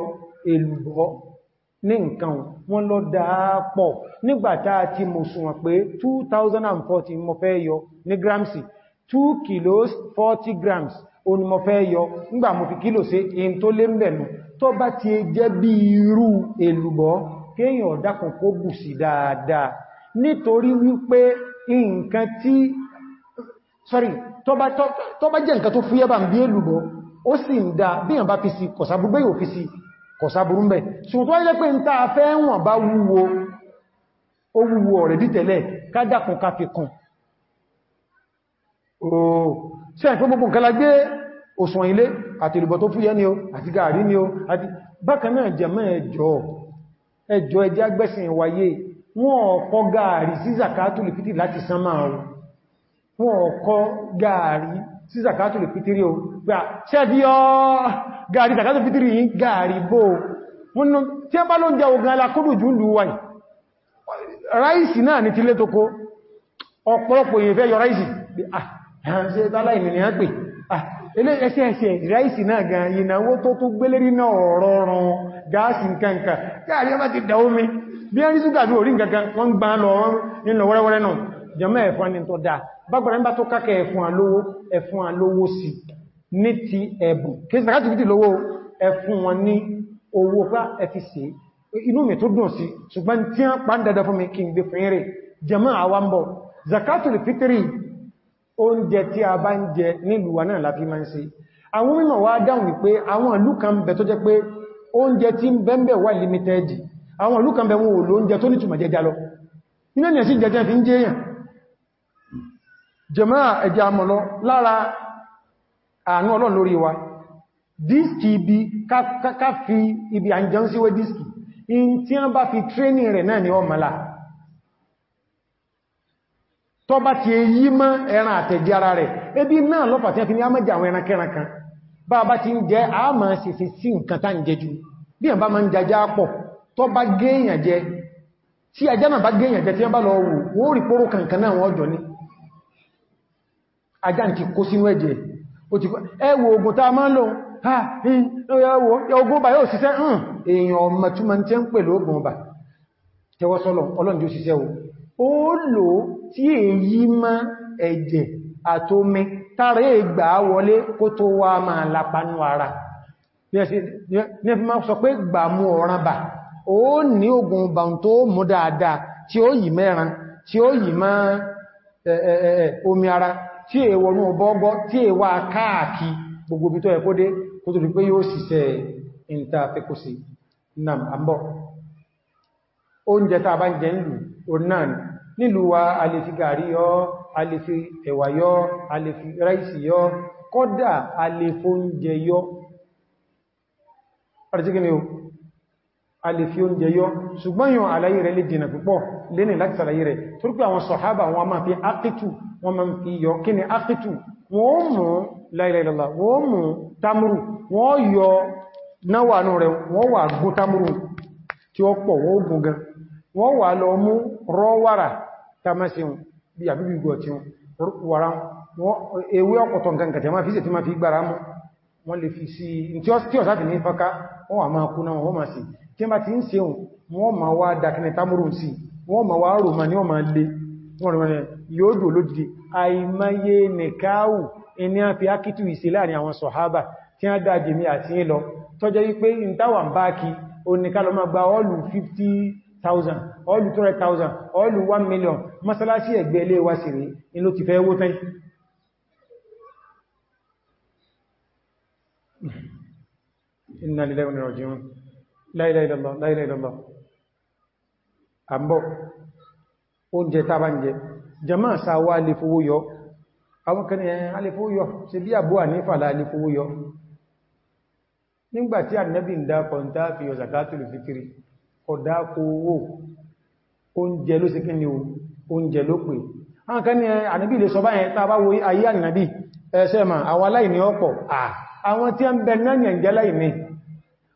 èlùbọ́ ní nǹkan wọn lọ dáápọ̀ nígbàtá ti mo sùnwọ̀n pé 2014 mo fẹ́ yọ ní gramsì 2 kilos 40 grams o ni mo fẹ́ yọ nígbà mo fi kílò sí in tó lé mẹ́nu tó bá ti jẹ́ bí irú èlùbọ́ kéèyàn ọ̀dákan kó bù sí dáadáa nítorí wípé nǹkan tí sorry tó bá jẹ́ nǹkan tó fúyẹ́ bá ń bí èlùbọ́ ó sì ń dá bí ìyàn bá fi sí kọ̀sàbúrú bẹ́ yóò fi sí kọ̀sàbúrú mẹ́ ṣùgbọ́n tó wáyé pé ń ta fẹ́ wọ̀n bá wúwo ó wúwo ọ̀rẹ̀ dítẹ̀lẹ̀ kádàkùn ká fi kún ṣe àìfẹ́ gbogbo nǹkan lágbé òṣùwọ̀n ilé àti ìlúbọ̀ tó fúyẹ́ ni o àti gààrí ni o àti bákan náà jẹ mẹ́ ẹjọ́ ẹjọ́ ẹjẹ́ agbẹ́sìn wáyé wọ́n ọ̀kọ́ gààrí sí zakatulifiti láti sánmà wọn ọ̀kọ́ gààrí sí zakatul fitiri o pé à ṣẹ́bí ọ́ gàrí zakatul fitiri yìí gàrí bó múnú tí ẹ bá ló ń jẹ ogun alákúrù jù lù wáyì ráìsì náà ní tilé toko ọ̀pọ̀lọpọ̀ èyàn fẹ́ yọ ráìsì ẹsẹ̀ ẹsẹ̀ ráìsì náà gan ìnáwó tó tó gbélérí náà rọrùn gáàsì nkankan gáàrí ọmọ ti dáwó ẹ̀fọ́ ni tó dáa bágbàrá ń bá tó kákẹ ẹ̀fún àlówó ẹ̀fún àlówó sí ní ti ẹ̀bùn kí ní sàkájì gidi lówó ẹ̀fún wọn ní owó pá ẹ̀fí sí inú mi tó dùn sí ṣùgbọ́n tí a pa ń dada fún mi kí n gbé fún rẹ̀ jẹmọ́ àwambọ̀ zakatul fitri oúnjẹ tí a bá ń jẹ nílùú wa náà láti máa ń ṣe àwọn mímọ̀ wá dáhùn wípé àwọn ìlú kan bẹ tó jẹ́ pé oúnjẹ tí ń bẹ́m̀bẹ̀ wà limited àwọn ìlú kan bẹ wọn ò lóúnjẹ tó nítumọ̀ jẹjá lọ nínú ẹ̀sìn jẹjẹ fi ń jẹyàn jẹmáà ẹjẹ́ lara lára àánú ọlọ́run lórí wa dískì ibi ká fi ibi àjẹun diski in tí wọ́n bá fi tréní rẹ̀ náà ni ọmọlá tó bá ti yí mọ́ ẹran àtẹ̀jẹ́ ara rẹ̀ ebi náà lọ́pàá tí fi ní àmọ́jà àwọn ẹran kẹran kan bá bá ti ń jẹ́ ajá ti kó sínú ẹ̀jẹ̀ ẹwọ ogun ta máa ń lò ogun ọba yóò ṣiṣẹ́ èèyàn ọmọ túnmọ̀ tí ń pè lóògùn ọba tẹwọ́sọ́lọ̀ ọlọ́njẹ́ òṣìṣẹ́ o ó lò tí èyí má ẹ̀jẹ̀ àtómi tààrẹ ìgbà wọlé kó tó wá máa lápanú ara ní ẹfí máa sọ pé gbà mú ọ̀ràn bà ó ní ogun ọba mẹ́ran tí ó yìí má omi ara tí è wọnú ọgbọ́gbọ́ tí è wà káàkì gbogbo bí tó ẹ̀kọ́ dé kó tó rí pé yóò síṣẹ́ ìntàfẹ́kọ́sí nam àbọ̀ oúnjẹ tàà bá ń jẹ ìlú onan nílùú wa a lè fi gàrí yọ a lè fi ẹ̀wà yọ a lè fi ráìsì yọ kódà a lè fóúnjẹ yọ a lè fi oúnjẹ yọ ṣùgbọ́n yàn àlàyé rẹ̀ lè dìnà púpọ̀ lẹ́nì láti sàlàyé rẹ̀ torípé àwọn sọ̀hábà wọn máa fi ákìtù wọn máa fi yọ kí ni ákìtù wọ́n mú láìláìlá wọ́n mú tamuru wọ́n yọ náwàánú rẹ̀ wọ́n wà gún tamuru tí ó pọ̀ wọ́n gún gan wọ́n wà lọ mú rọ́wàrà tamasiun bí àbíbí gọ̀ tí wọ́n ewé ọ̀pọ̀tọ̀ nǹkan kàtẹ̀ máa fi ṣe tí máa lè fi sí tí ní fáká wọ́n wà máa kú náà wọ́n máa sì tí ma ti ń se ohun wọ́n ma wá dákẹni tamuru sí wọ́n ma wá rò ma ní ọmọ lè wọ́n rẹ̀ yóò dò lójìdí àìmáyé nìkáàwù ẹni a fi ákítù ìse láàrin àwọn sọ̀hábà tí a dá jẹ́mi àti tó jẹ́ wípé ìntàwà gba ọlù 50,000 ọlù 200,000 ọlù 1 million mọ́sálásí ilé ti fẹ́ láìláìlọ́lọ́ láìláìlọ́lọ́ àbọ̀ oúnjẹ tàbá ń jẹ jẹmọ́ àsáwà alifowó yọ àwọn kan ní alifowó yọ ṣe bí àbú ànífàlà alifowó yọ nígbàtí ànábì ń dákọ̀ ń tá fi ọ̀zàkátùlù fitiri ọ̀dákọ̀ owó oúnjẹ ló sì kíni oúnjẹ ló pè àwọn kan ní eh, ànábì lè sọ báyẹn tàbá wo ayé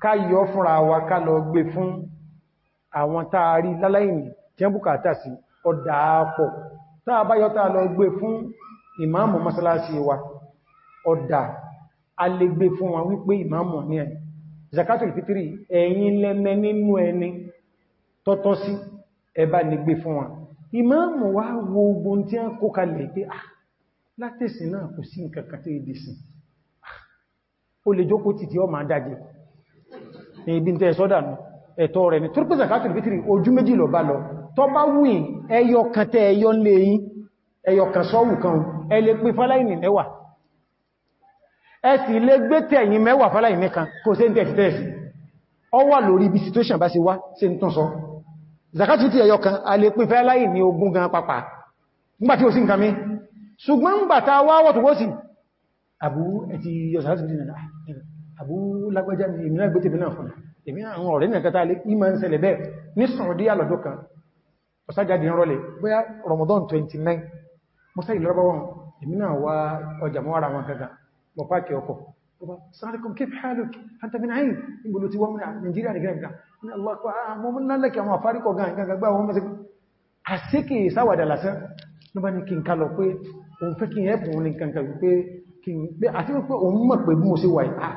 ká yọ fúnra wa ká lọ gbé fún àwọn táàrí láláìní tí ó bùkátà sí ọdá pọ̀ táà bá yọ́ta lọ gbé fún ìmáàmù mọ́sálásí wa ọdá a lè gbé fún wọn wípé ìmáàmù ní ẹ̀ zakatul fitri ẹ̀yin lẹ́mẹ nínú ẹni tọ́tọ́ sí ẹba lè gbé fún wọn ìmáàmù wá wo ogun tí a kó kalẹ̀ pé ah látẹ̀sìn náà kò sí nǹkan kan tí èdè ah, ó lè jókòó títí ọmọ adájẹ́ ibi tẹ́ sọ́dánù ẹ̀tọ́ rẹ̀ ni torípé zakatul fitri ojú méjì lọ bá lọ tó bá wùn ẹyọ kan tẹ́ ẹyọ lè yín ẹyọ kan sọ́wù kan ẹ lè pín fáláìní mẹ́wàá ẹ sì lè gbé tẹ̀yìn mẹ́wàá fáláìní kan kò sí tẹ́ẹ̀sì tẹ́ẹ̀sì ọ wà lórí bí situation bá ṣe wá sí tán sọ zakatul fitri ẹyọ kan a lè pín fáláìní ogún gan pápá nígbàtí ò sí nǹkan mi ṣùgbọ́n àbú lágbàjá ní ìmìnà ìgbé tèbí náà fún èmi àwọn ọ̀rẹ́ nìkan tàà lè ìmọ̀ ń ṣẹlẹ̀ bẹ́ẹ̀ ní sọ̀rọ̀dí àlọ́dọ́ kan ọ̀sájáde rọ́lẹ̀ bóyá Ramadan 29 mọ́sá ìlọ́rọ̀bá wọn èmi náà wá ọjà mọ́ ara wọn gaga mọ́ páàkì ọkọ̀ sàárẹ́kùn ah, ah, kí hálùk àtàbí náà ìgbòlò tí wọ́n mú Nàìjíríà rẹ̀ gẹ́gẹ́ ní aláàkọ́ àmọ́ mú lálẹ́kẹ́ àwọn àfárikọ̀ gan gagbà wọn òun ní kankan pé àti wípé òun mọ̀ pé bí sí wà ah,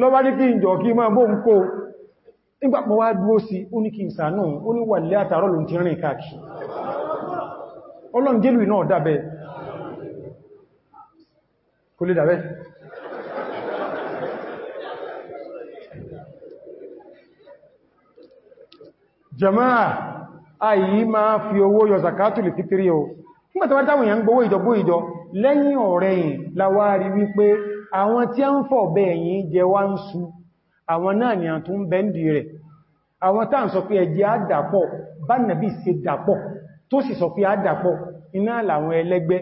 lọ bá ní kí n jọ kí máa bó ń kó nígbàpọ̀ wá dúró sí ó ní kí n sànú ó ti rìn káàkì ọlọ́njẹ́lù iná dábẹ́ kò lè dábẹ́ jama'a ayi máa fi owó yọ zakatù lè fitiri o nígbàtàwátàwò yẹn ń gbówó ìjọ gbó ìjọ lẹ́yìn ọ̀rẹ́yìn láwárí wípé àwọn tí a ń fọ̀ bẹ́ ẹ̀yìn jẹ wá ń su àwọn náà ni a tún ń bẹ́ndì rẹ̀ àwọn tá ń sọ pé ẹjẹ́ àdàpọ̀ bá nàbí ṣe dàpọ̀ tó sì sọ pé àdàpọ̀ iná làwọn ẹlẹ́gbẹ́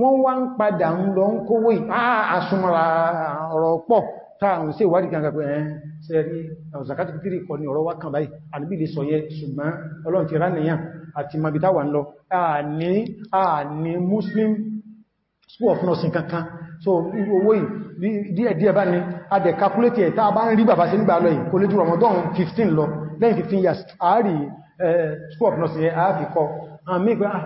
wọ́n wá ń padà ń lọ ń kówó àásùnmọ́ra ọ̀rọ̀ pọ̀ táàrùn sí ìwádìí kan gbogbo ẹ̀yẹn sẹ́rí ọ̀zàkátì kìtìrì Muslim school of nursing kankan so owó yìí díẹ̀díẹ̀ bá ní adẹ̀ calculate ẹ̀ tàà bá ń rí bàbá sí nígbà lọ yìí kò lè jù Ramadan 15 lọ lẹ́yìn 15 years àárí school of nursing àáfikọ́ àmì ìgbà ah,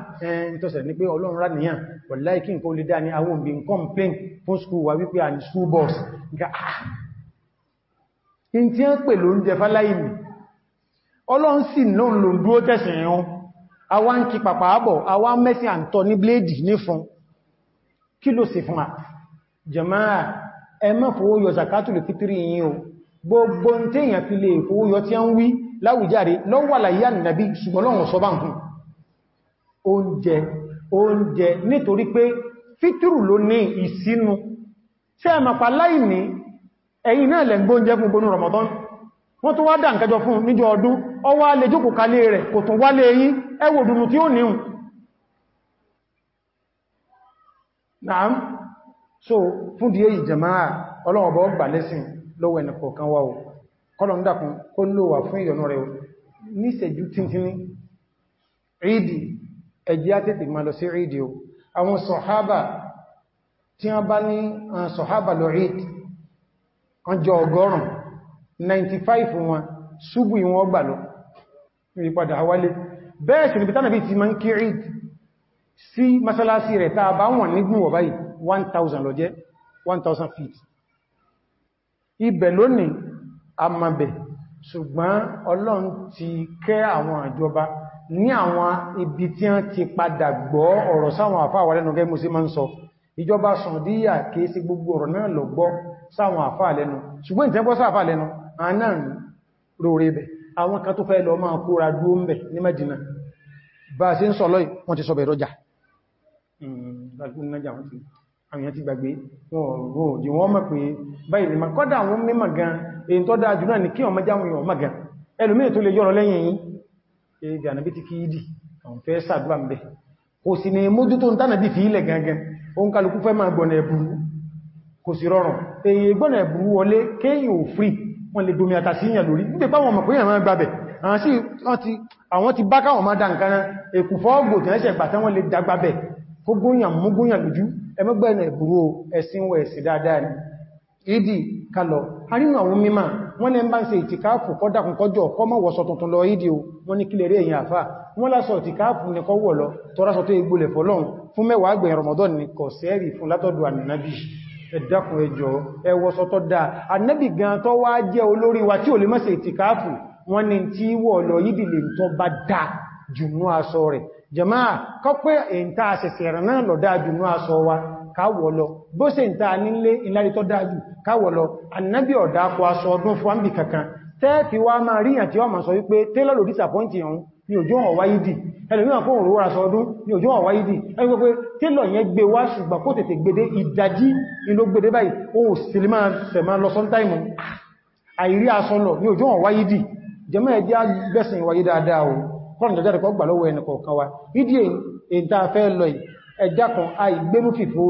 ẹ̀ntọ́sẹ̀ ní pé Ọlọ́run rá nìyàn wọ̀láì kí nǹkan olè dá ní àwọn òbí complain fún school wa wípé and school bus ga ah, in tí ń pè ló ń jẹ fáláìmì Ọlọ́run sì náà lò ń dúró tẹ̀sìn ẹ̀hún àwa ń kí pàpàábọ̀ àwa mẹ́sìn àǹtọ́ ní bléèdì ní fún kí ló sì fún àti jama'a ẹ má fowó yọ zakatul fitiri yìí o gbogbo tí èyàn fi lè fowó yọ tí a ń wí láwùjáre lọ́wọ́ àlàyé ànìyàbí ṣùgbọ́n lọ́wọ́ sọ́bá ń oúnjẹ oúnjẹ nítorí pé fítírù ló ní ìsínú tí a mọ̀pá láìní ẹ̀yìn náà lẹ́gbó oúnjẹ so fún díẹ̀ ìjẹmáà ọlọ́wọ̀bọ̀ gbà lẹ́sìn lọ́wọ́ ẹnìkọ̀ kan wá o kọlọ̀ndàkùn kó ló wà fún ìyọ̀nà rẹ̀ níṣẹ́jú tíntínní rídì ẹjẹ́ àtẹ́tẹ̀ ma lọ sí rídì o àwọn sọ̀hábà tí wọ́n ní sọ̀hábà 95 wọn ṣúgbù ìwọ̀n ọgbà lọ ìpadà wálé bẹ́ẹ̀ sí ní bí tánàbí ti ma ń kí rídì sí masalasi rẹ̀ tàbá wọn nígbùn wọ̀ 1000 lọ jẹ́ 1000 feet ibẹ̀ lónìí amabẹ̀ ṣùgbọ́n ọlọ́run ti kẹ́ àwọn àjọba ní àwọn ibi tí wọ́n ti padà gbọ́ ọ̀rọ̀ sáwọn àfáà wà lẹ́nu gẹ́mú sí máa ń sọ ìjọba sọ̀díyà kìí sí gbogbo ọ̀rọ̀ náà lọ gbọ́ sáwọn àfáà lẹ́nu ṣùgbọ́n ìtẹ́gbọ́ sáfà lẹ́nu àná rore bẹ̀ àwọn kan tó fẹ́ àwòyàn ti gbàgbé wọ́n jí wọ́n mọ̀ pé báyìí ni ma kọ́dà àwọn mímọ̀ gan èyí tó dáa jù náà ní kí ọmọ jáwọn èèyàn mọ̀ gan ẹlòmíì tó lè yọ́rọ lẹ́yìn yìí èyí ànàbí ti kí ìdì àwọn fẹ́ sàdúwà ń bẹ̀ kò sì ní mójú tó ń tánàbí fi ilẹ̀ gangan ó ń kálukú fẹ́ máa gbọ̀nà ẹ̀bùrú kò sì rọrùn èyí gbọ̀nà ẹ̀bùrú wọlé kéyìn ò frí wọ́n lè domi àtàsíyàn lórí nígbè ti bá káwọn máa dá nǹkan ẹkùfọ́ ọgbò tẹ́ẹ̀ṣẹ̀ gbà tẹ́wọ́n lè dàgbàbẹ̀ kó gúnyàn mú lójú ẹmọ́gbẹ̀nà ìbúrú ẹ̀sìn wẹ̀ sí dáadáa ni ìdí kalọ̀ arínú àwọn mímọ̀ wọ́n lẹ́ ń bá ń ṣe ìtìkáàfù kọ́dàkùn kọjọ kọ́ mọ́ wọ́sọ tuntun lọ ìdí o wọ́n ní kílẹ̀ rí èyàn àfá wọ́n lásọ ìtìkáàfù ní kọ́ Ramadan ni kọ̀ sẹ́rì fún látọ̀dọ̀ ànàbì ẹ̀dàkùn wa tí ò lè mọ́ ṣe ìtìkáàfù wọ́n ni tí wọ̀ lọ yídì lè tọ́ bá jàmáà kọ́ pé èyíntà àṣẹsẹ̀ ẹ̀rẹ̀ náà lọ dájú ní aṣọ wa káwọ̀lọ bó ṣe ń ta nílé ìlàrí tó dájú káwọ̀lọ annabi ọ̀dá kọ aṣọ ọdún fún àmì kankan tẹ́ẹ̀kì wá máa ríyàn tí wọ́n máa sọ wípé tailor ló disappoint yàn ní òjò hàn wáyé dì ẹlòmí àpò òun rọra sọ ọdún ní òjò hàn wáyé dì ẹgbẹ́ pé tailor yẹn gbé wá ṣùgbọ́n kó tètè gbede ìdájí ìlò gbede báyìí ó sì lè máa kọ́nà tó dárẹ̀kọ́ gbà lọ́wọ́ ẹnì kọ̀ọ̀kan wa ìdí èyí tá a fẹ́ lọ ẹjá kan àìgbénú fìfó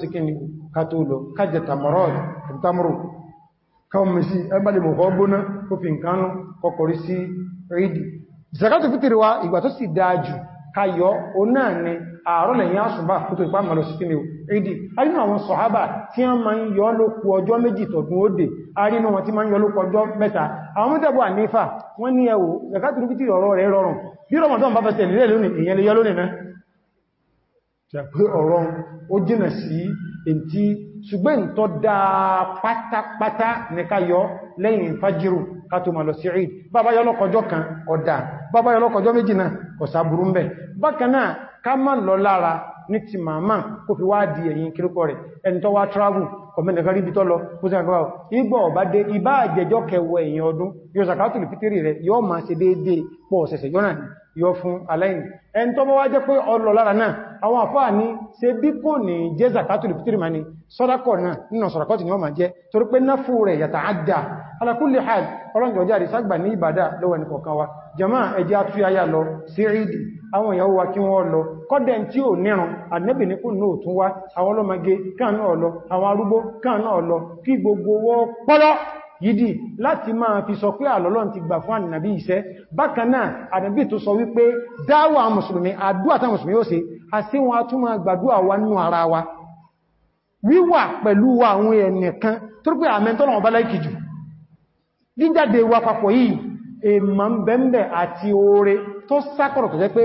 sí kí ni kátó lọ kájẹ tàmọ̀rọ̀ káwọn sí ẹgbàlè mọ̀ ọgbóná ó fi nǹkanú kọkọrí sí rídì zakatul fitri wa ìgbà tó sì dáa jù káyọ ó náà ni àárọ̀ lẹ́yìn àṣùbà kó tó ipá mọ̀lọ̀ sí kí ni ó ìdí arínú àwọn sọ̀hábà tí wọ́n ma ń yọ lókù ọjọ́ méjì tọ̀gbùn ó dè arínú wọn tí ma ń yọ lókù ọjọ́ mẹ́ta àwọn mẹ́tẹ̀bọ̀ ànífà wọ́n ní ẹwò zakatù rúbítì ọ̀rọ̀ rẹ̀ rọrùn bí rọmọdán bá fẹsẹ̀ nílẹ̀ lónìí èyàn lè yọ lónìí náà jẹ́ pé ọ̀rọ̀ ó jìnà sí èntí ṣùgbọ́n tó dáa pátápátá ní ká yọ lẹ́yìn fájírù kátó ma lọ sí ìd bàbá yọ lọ́kọjọ́ kan ọ̀dà bàbá yọ lọ́kọjọ́ méjì náà kò sáburú ń bẹ̀ bákanáà ká má lọ lára ní ti màmá kó fi wá di ẹ̀yìn kíríkọ rẹ̀ ẹni tó wá travel kọmẹ́nìkan rí bí tọ́lọ kó sí àgbà ìgbọ̀ ọ̀bá dé ibá àjẹjọ́ kẹwọ ẹ̀yìn ọdún yóò sàkátùlù pítírì rẹ̀ yóò máa ṣe déédéé pọ̀ àwọn àfáà ní ṣe bí kò ní jẹ́ zakatul fitri mani sọ́dákọ̀ náà nínú sọ̀rọ̀kọ́ tí ni wọ́n ma jẹ́ torí pé náfù rẹ̀ yàtà àdá ala kulli hal ọlọ́njọ́ jáde sàgbà ní ìbàdá lọ́wọ́ ẹni kọ̀ọ̀kan wa jama ẹjẹ́ atúyáyá lọ sí rídì àwọn ìyàwó wa kí wọ́n lọ kọ́dẹ̀ tí ò níran àdínẹ́bì ní kún náà tún wá yìí láti máa fi sọ pé àlọ́lọ́n ti gbà fún ànàbí iṣẹ́ bákanáà ànàbí tó sọ wípé dáwà mùsùlùmí àdúwà tán mùsùlùmí ó ṣe a sí wọn tún máa gbàdúwà wa nú ara wa wíwà pẹ̀lú àwọn ẹnìkan tó tó sákọ̀rọ̀ pé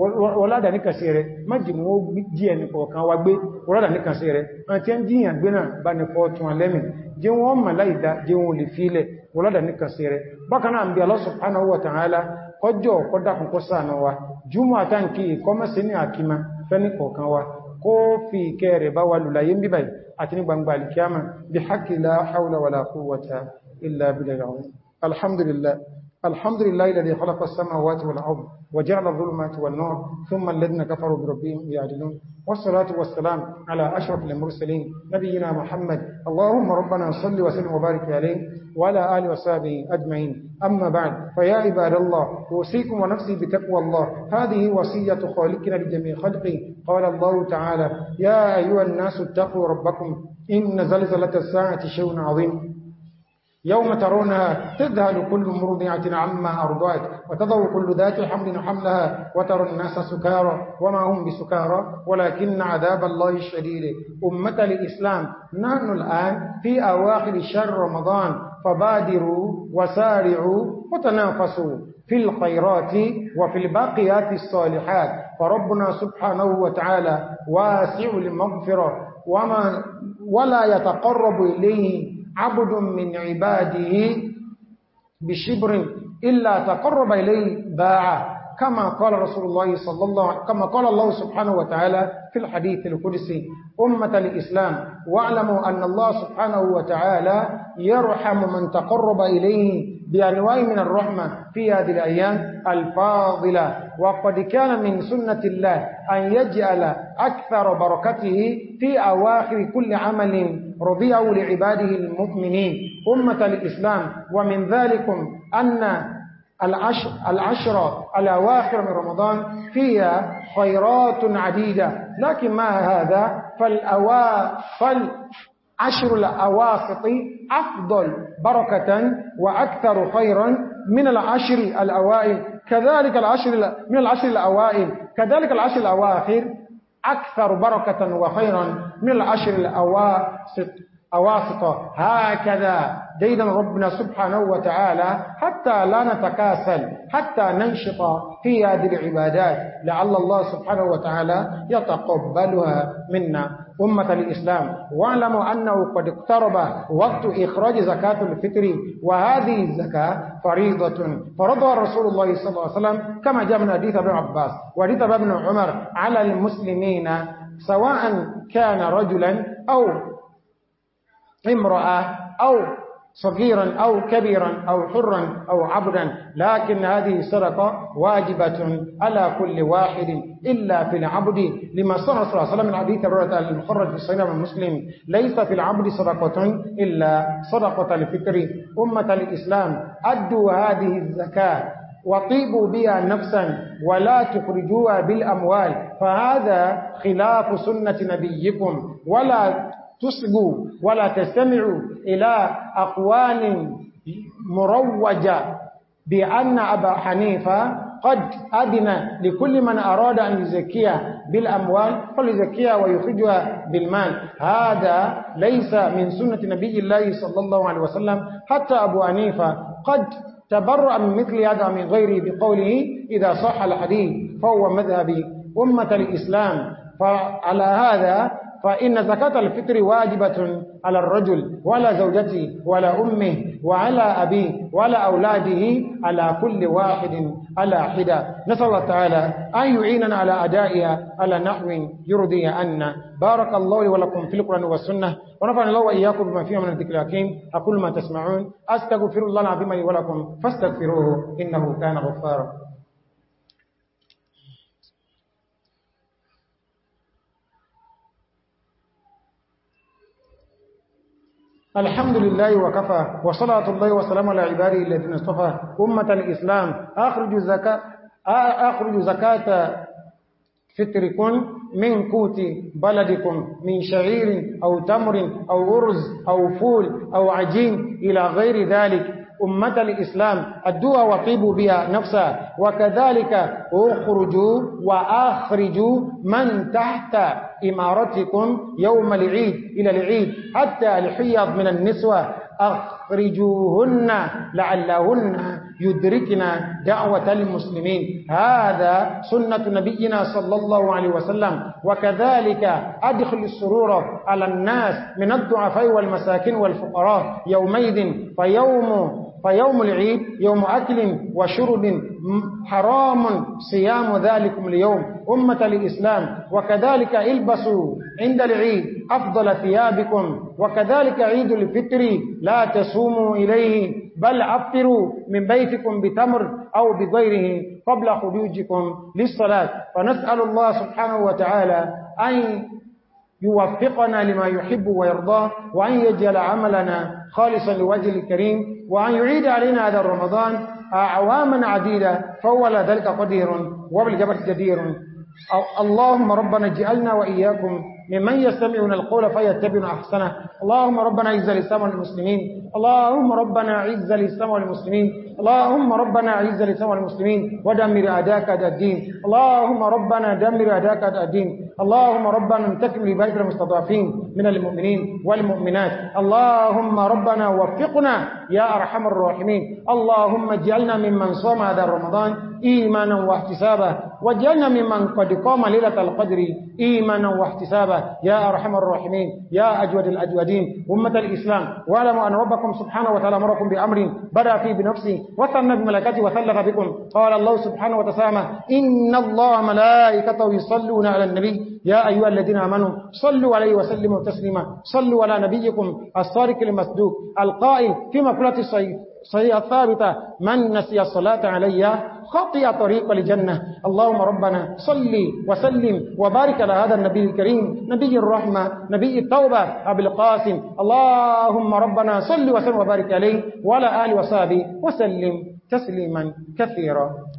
wọ́ládà ní kàṣẹ rẹ̀ májìmú ó jí ẹni kọ̀ọ̀kan wá gbé wọ́ládà ní kàṣẹ rẹ̀ àti ẹn jíyàn gbé náà bá ní fọ́ọ̀tún alẹ́mì jẹ́ wọ́n mà láìdá jẹ́ wọ́n lè fílẹ̀ wọ́ládà ní kàṣẹ rẹ̀ bákanáà bí Allah subhanahu wa ta'ala kọjọ́ kọ́dákùn kó ṣàánú wa jùmọ̀ àtàǹkì ìkọ́mọ́sí ní àkímá fẹ́ni kọ̀ọ̀kan wa kó fi الحمد لله الذي خلق السماوات والأرض وجعل الظلمات والنور ثم الذين كفروا بربهم يعدلون والصلاة والسلام على أشرف المرسلين نبينا محمد اللهم ربنا صل وسلم وبارك عليه وعلى آله وصحبه أجمعين أما بعد فيا عباد الله أوصيكم ونفسي بتقوى الله هذه وصية خالقنا لجميع خلقه قال الله تعالى يا أيها الناس اتقوا ربكم إن زلزلة الساعة شيء عظيم يوم ترونها تذهل كل مرضعة عما أرضعت وتضع كل ذات حمل حملها وترى الناس سكارى وما هم بسكارى ولكن عذاب الله الشديد أمة الإسلام نحن الآن في أواخر شهر رمضان فبادروا وسارعوا وتنافسوا في الخيرات وفي الباقيات الصالحات فربنا سبحانه وتعالى واسع المغفرة وما ولا يتقرب إليه عبد من عباده بشبر إلا تقرب إليه باعه كما قال رسول الله صلى الله عليه كما قال الله سبحانه وتعالى في الحديث القدسي أمة الإسلام واعلموا أن الله سبحانه وتعالى يرحم من تقرب إليه بأنواع من الرحمة في هذه الأيام الفاضلة وقد كان من سنة الله أن يجعل أكثر بركته في أواخر كل عمل رضيه لعباده المؤمنين أمة الإسلام ومن ذلك أن العشر, العشرة الأواخر من رمضان فيها خيرات عديدة لكن مع هذا فالأواخر عشر الأواسط أفضل بركة وأكثر خيرا من العشر الأوائل كذلك العشر من العشر الأوائل كذلك العشر الأواخر أكثر بركة وخيرا من العشر الأواسط أواسطة هكذا ديدا ربنا سبحانه وتعالى حتى لا نتكاسل حتى ننشط في هذه العبادات لعل الله سبحانه وتعالى يتقبلها منا أمة الإسلام واعلموا أنه قد اقترب وقت إخراج زكاة الفطر وهذه الزكاة فريضة فرضها رسول الله صلى الله عليه وسلم كما جاء من حديث ابن عباس وحديث ابن عمر على المسلمين سواء كان رجلا أو امرأة أو صغيرا أو كبيرا أو حرا أو عبدا لكن هذه الصدقة واجبة على كل واحد إلا في العبد لما صنع صلى الله عليه وسلم من حديث الرؤية المخرج في الصحيح المسلم ليس في العبد صدقة إلا صدقة الفكر أمة الإسلام أدوا هذه الزكاة وطيبوا بها نفسا ولا تخرجوها بالأموال فهذا خلاف سنة نبيكم ولا تسقوا ولا تستمعوا إلى أقوال مروجة بأن أبا حنيفة قد أذن لكل من أراد أن يزكيها بالأموال فليزكيها ويخرجها بالمال هذا ليس من سنة نبي الله صلى الله عليه وسلم حتى أبو حنيفة قد تبرأ من مثل هذا من غيره بقوله إذا صح الحديث فهو مذهبي أمة الإسلام فعلى هذا فإن زكاة الفطر واجبة على الرجل ولا زوجته ولا أمه وعلى أبيه ولا أولاده على كل واحد على حدة نسأل الله تعالى أن يعيننا على أدائها على نحو يرضي أن بارك الله ولكم في القرآن والسنة ونفعنا الله وإياكم بما فيها من الذكر الحكيم أقول ما تسمعون أستغفر الله العظيم لي ولكم فاستغفروه إنه كان غفارا الحمد لله وكفى وصلاة الله وسلام على عباده الذين اصطفى أمة الإسلام أخرج زكاة أخرج زكاة فتركم من قوت بلدكم من شعير أو تمر أو أرز أو فول أو عجين إلى غير ذلك أمة الإسلام أدوها وطيبوا بها نفسها وكذلك أخرجوا وأخرجوا من تحت إمارتكم يوم العيد إلى العيد حتى الحيض من النسوة أخرجوهن لعلهن يدركنا دعوة المسلمين هذا سنة نبينا صلى الله عليه وسلم وكذلك أدخل السرور على الناس من الضعفاء والمساكين والفقراء يومئذ فيوم فيوم العيد يوم أكل وشرب حرام صيام ذلكم اليوم أمة الإسلام وكذلك البسوا عند العيد أفضل ثيابكم وكذلك عيد الفطر لا تصوموا إليه بل أفطروا من بيتكم بتمر أو بغيره قبل خروجكم للصلاة فنسأل الله سبحانه وتعالى أن يوفقنا لما يحب ويرضاه وأن يجعل عملنا خالصا لوجه الكريم وأن يعيد علينا هذا رمضان أعواما عديدة فهو ذلك قدير وبالجبل جدير اللهم ربنا اجعلنا وإياكم ممن يستمعون القول فيتبعون أحسنه اللهم ربنا عز الإسلام المسلمين اللهم ربنا عز الإسلام المسلمين اللهم ربنا عز لسوى المسلمين ودمر أداك أداء الدين اللهم ربنا دمر أداك أداء الدين اللهم ربنا انتكم لبيت المستضعفين من المؤمنين والمؤمنات اللهم ربنا وفقنا يا أرحم الراحمين اللهم اجعلنا ممن صام هذا رمضان إيمانا واحتسابا واجعلنا ممن قد قام ليلة القدر إيمانا واحتسابا يا أرحم الراحمين يا أجود الأجودين أمة الإسلام واعلموا أن ربكم سبحانه وتعالى مركم بأمر بدأ فيه بنفسه وثنى بملكاته وثلث بكم قال الله سبحانه وتسامى إن الله ملائكته يصلون على النبي يا أيها الذين آمنوا صلوا عليه وسلموا تسليما صلوا على نبيكم الصارق المسدوق القائل في مقولة الصيف صحيح ثابتة من نسي الصلاة علي خطي طريق لجنة اللهم ربنا صلي وسلم وبارك على هذا النبي الكريم نبي الرحمة نبي التوبة أبي القاسم اللهم ربنا صلي وسلم وبارك عليه وعلى آل وصابي وسلم تسليما كثيرا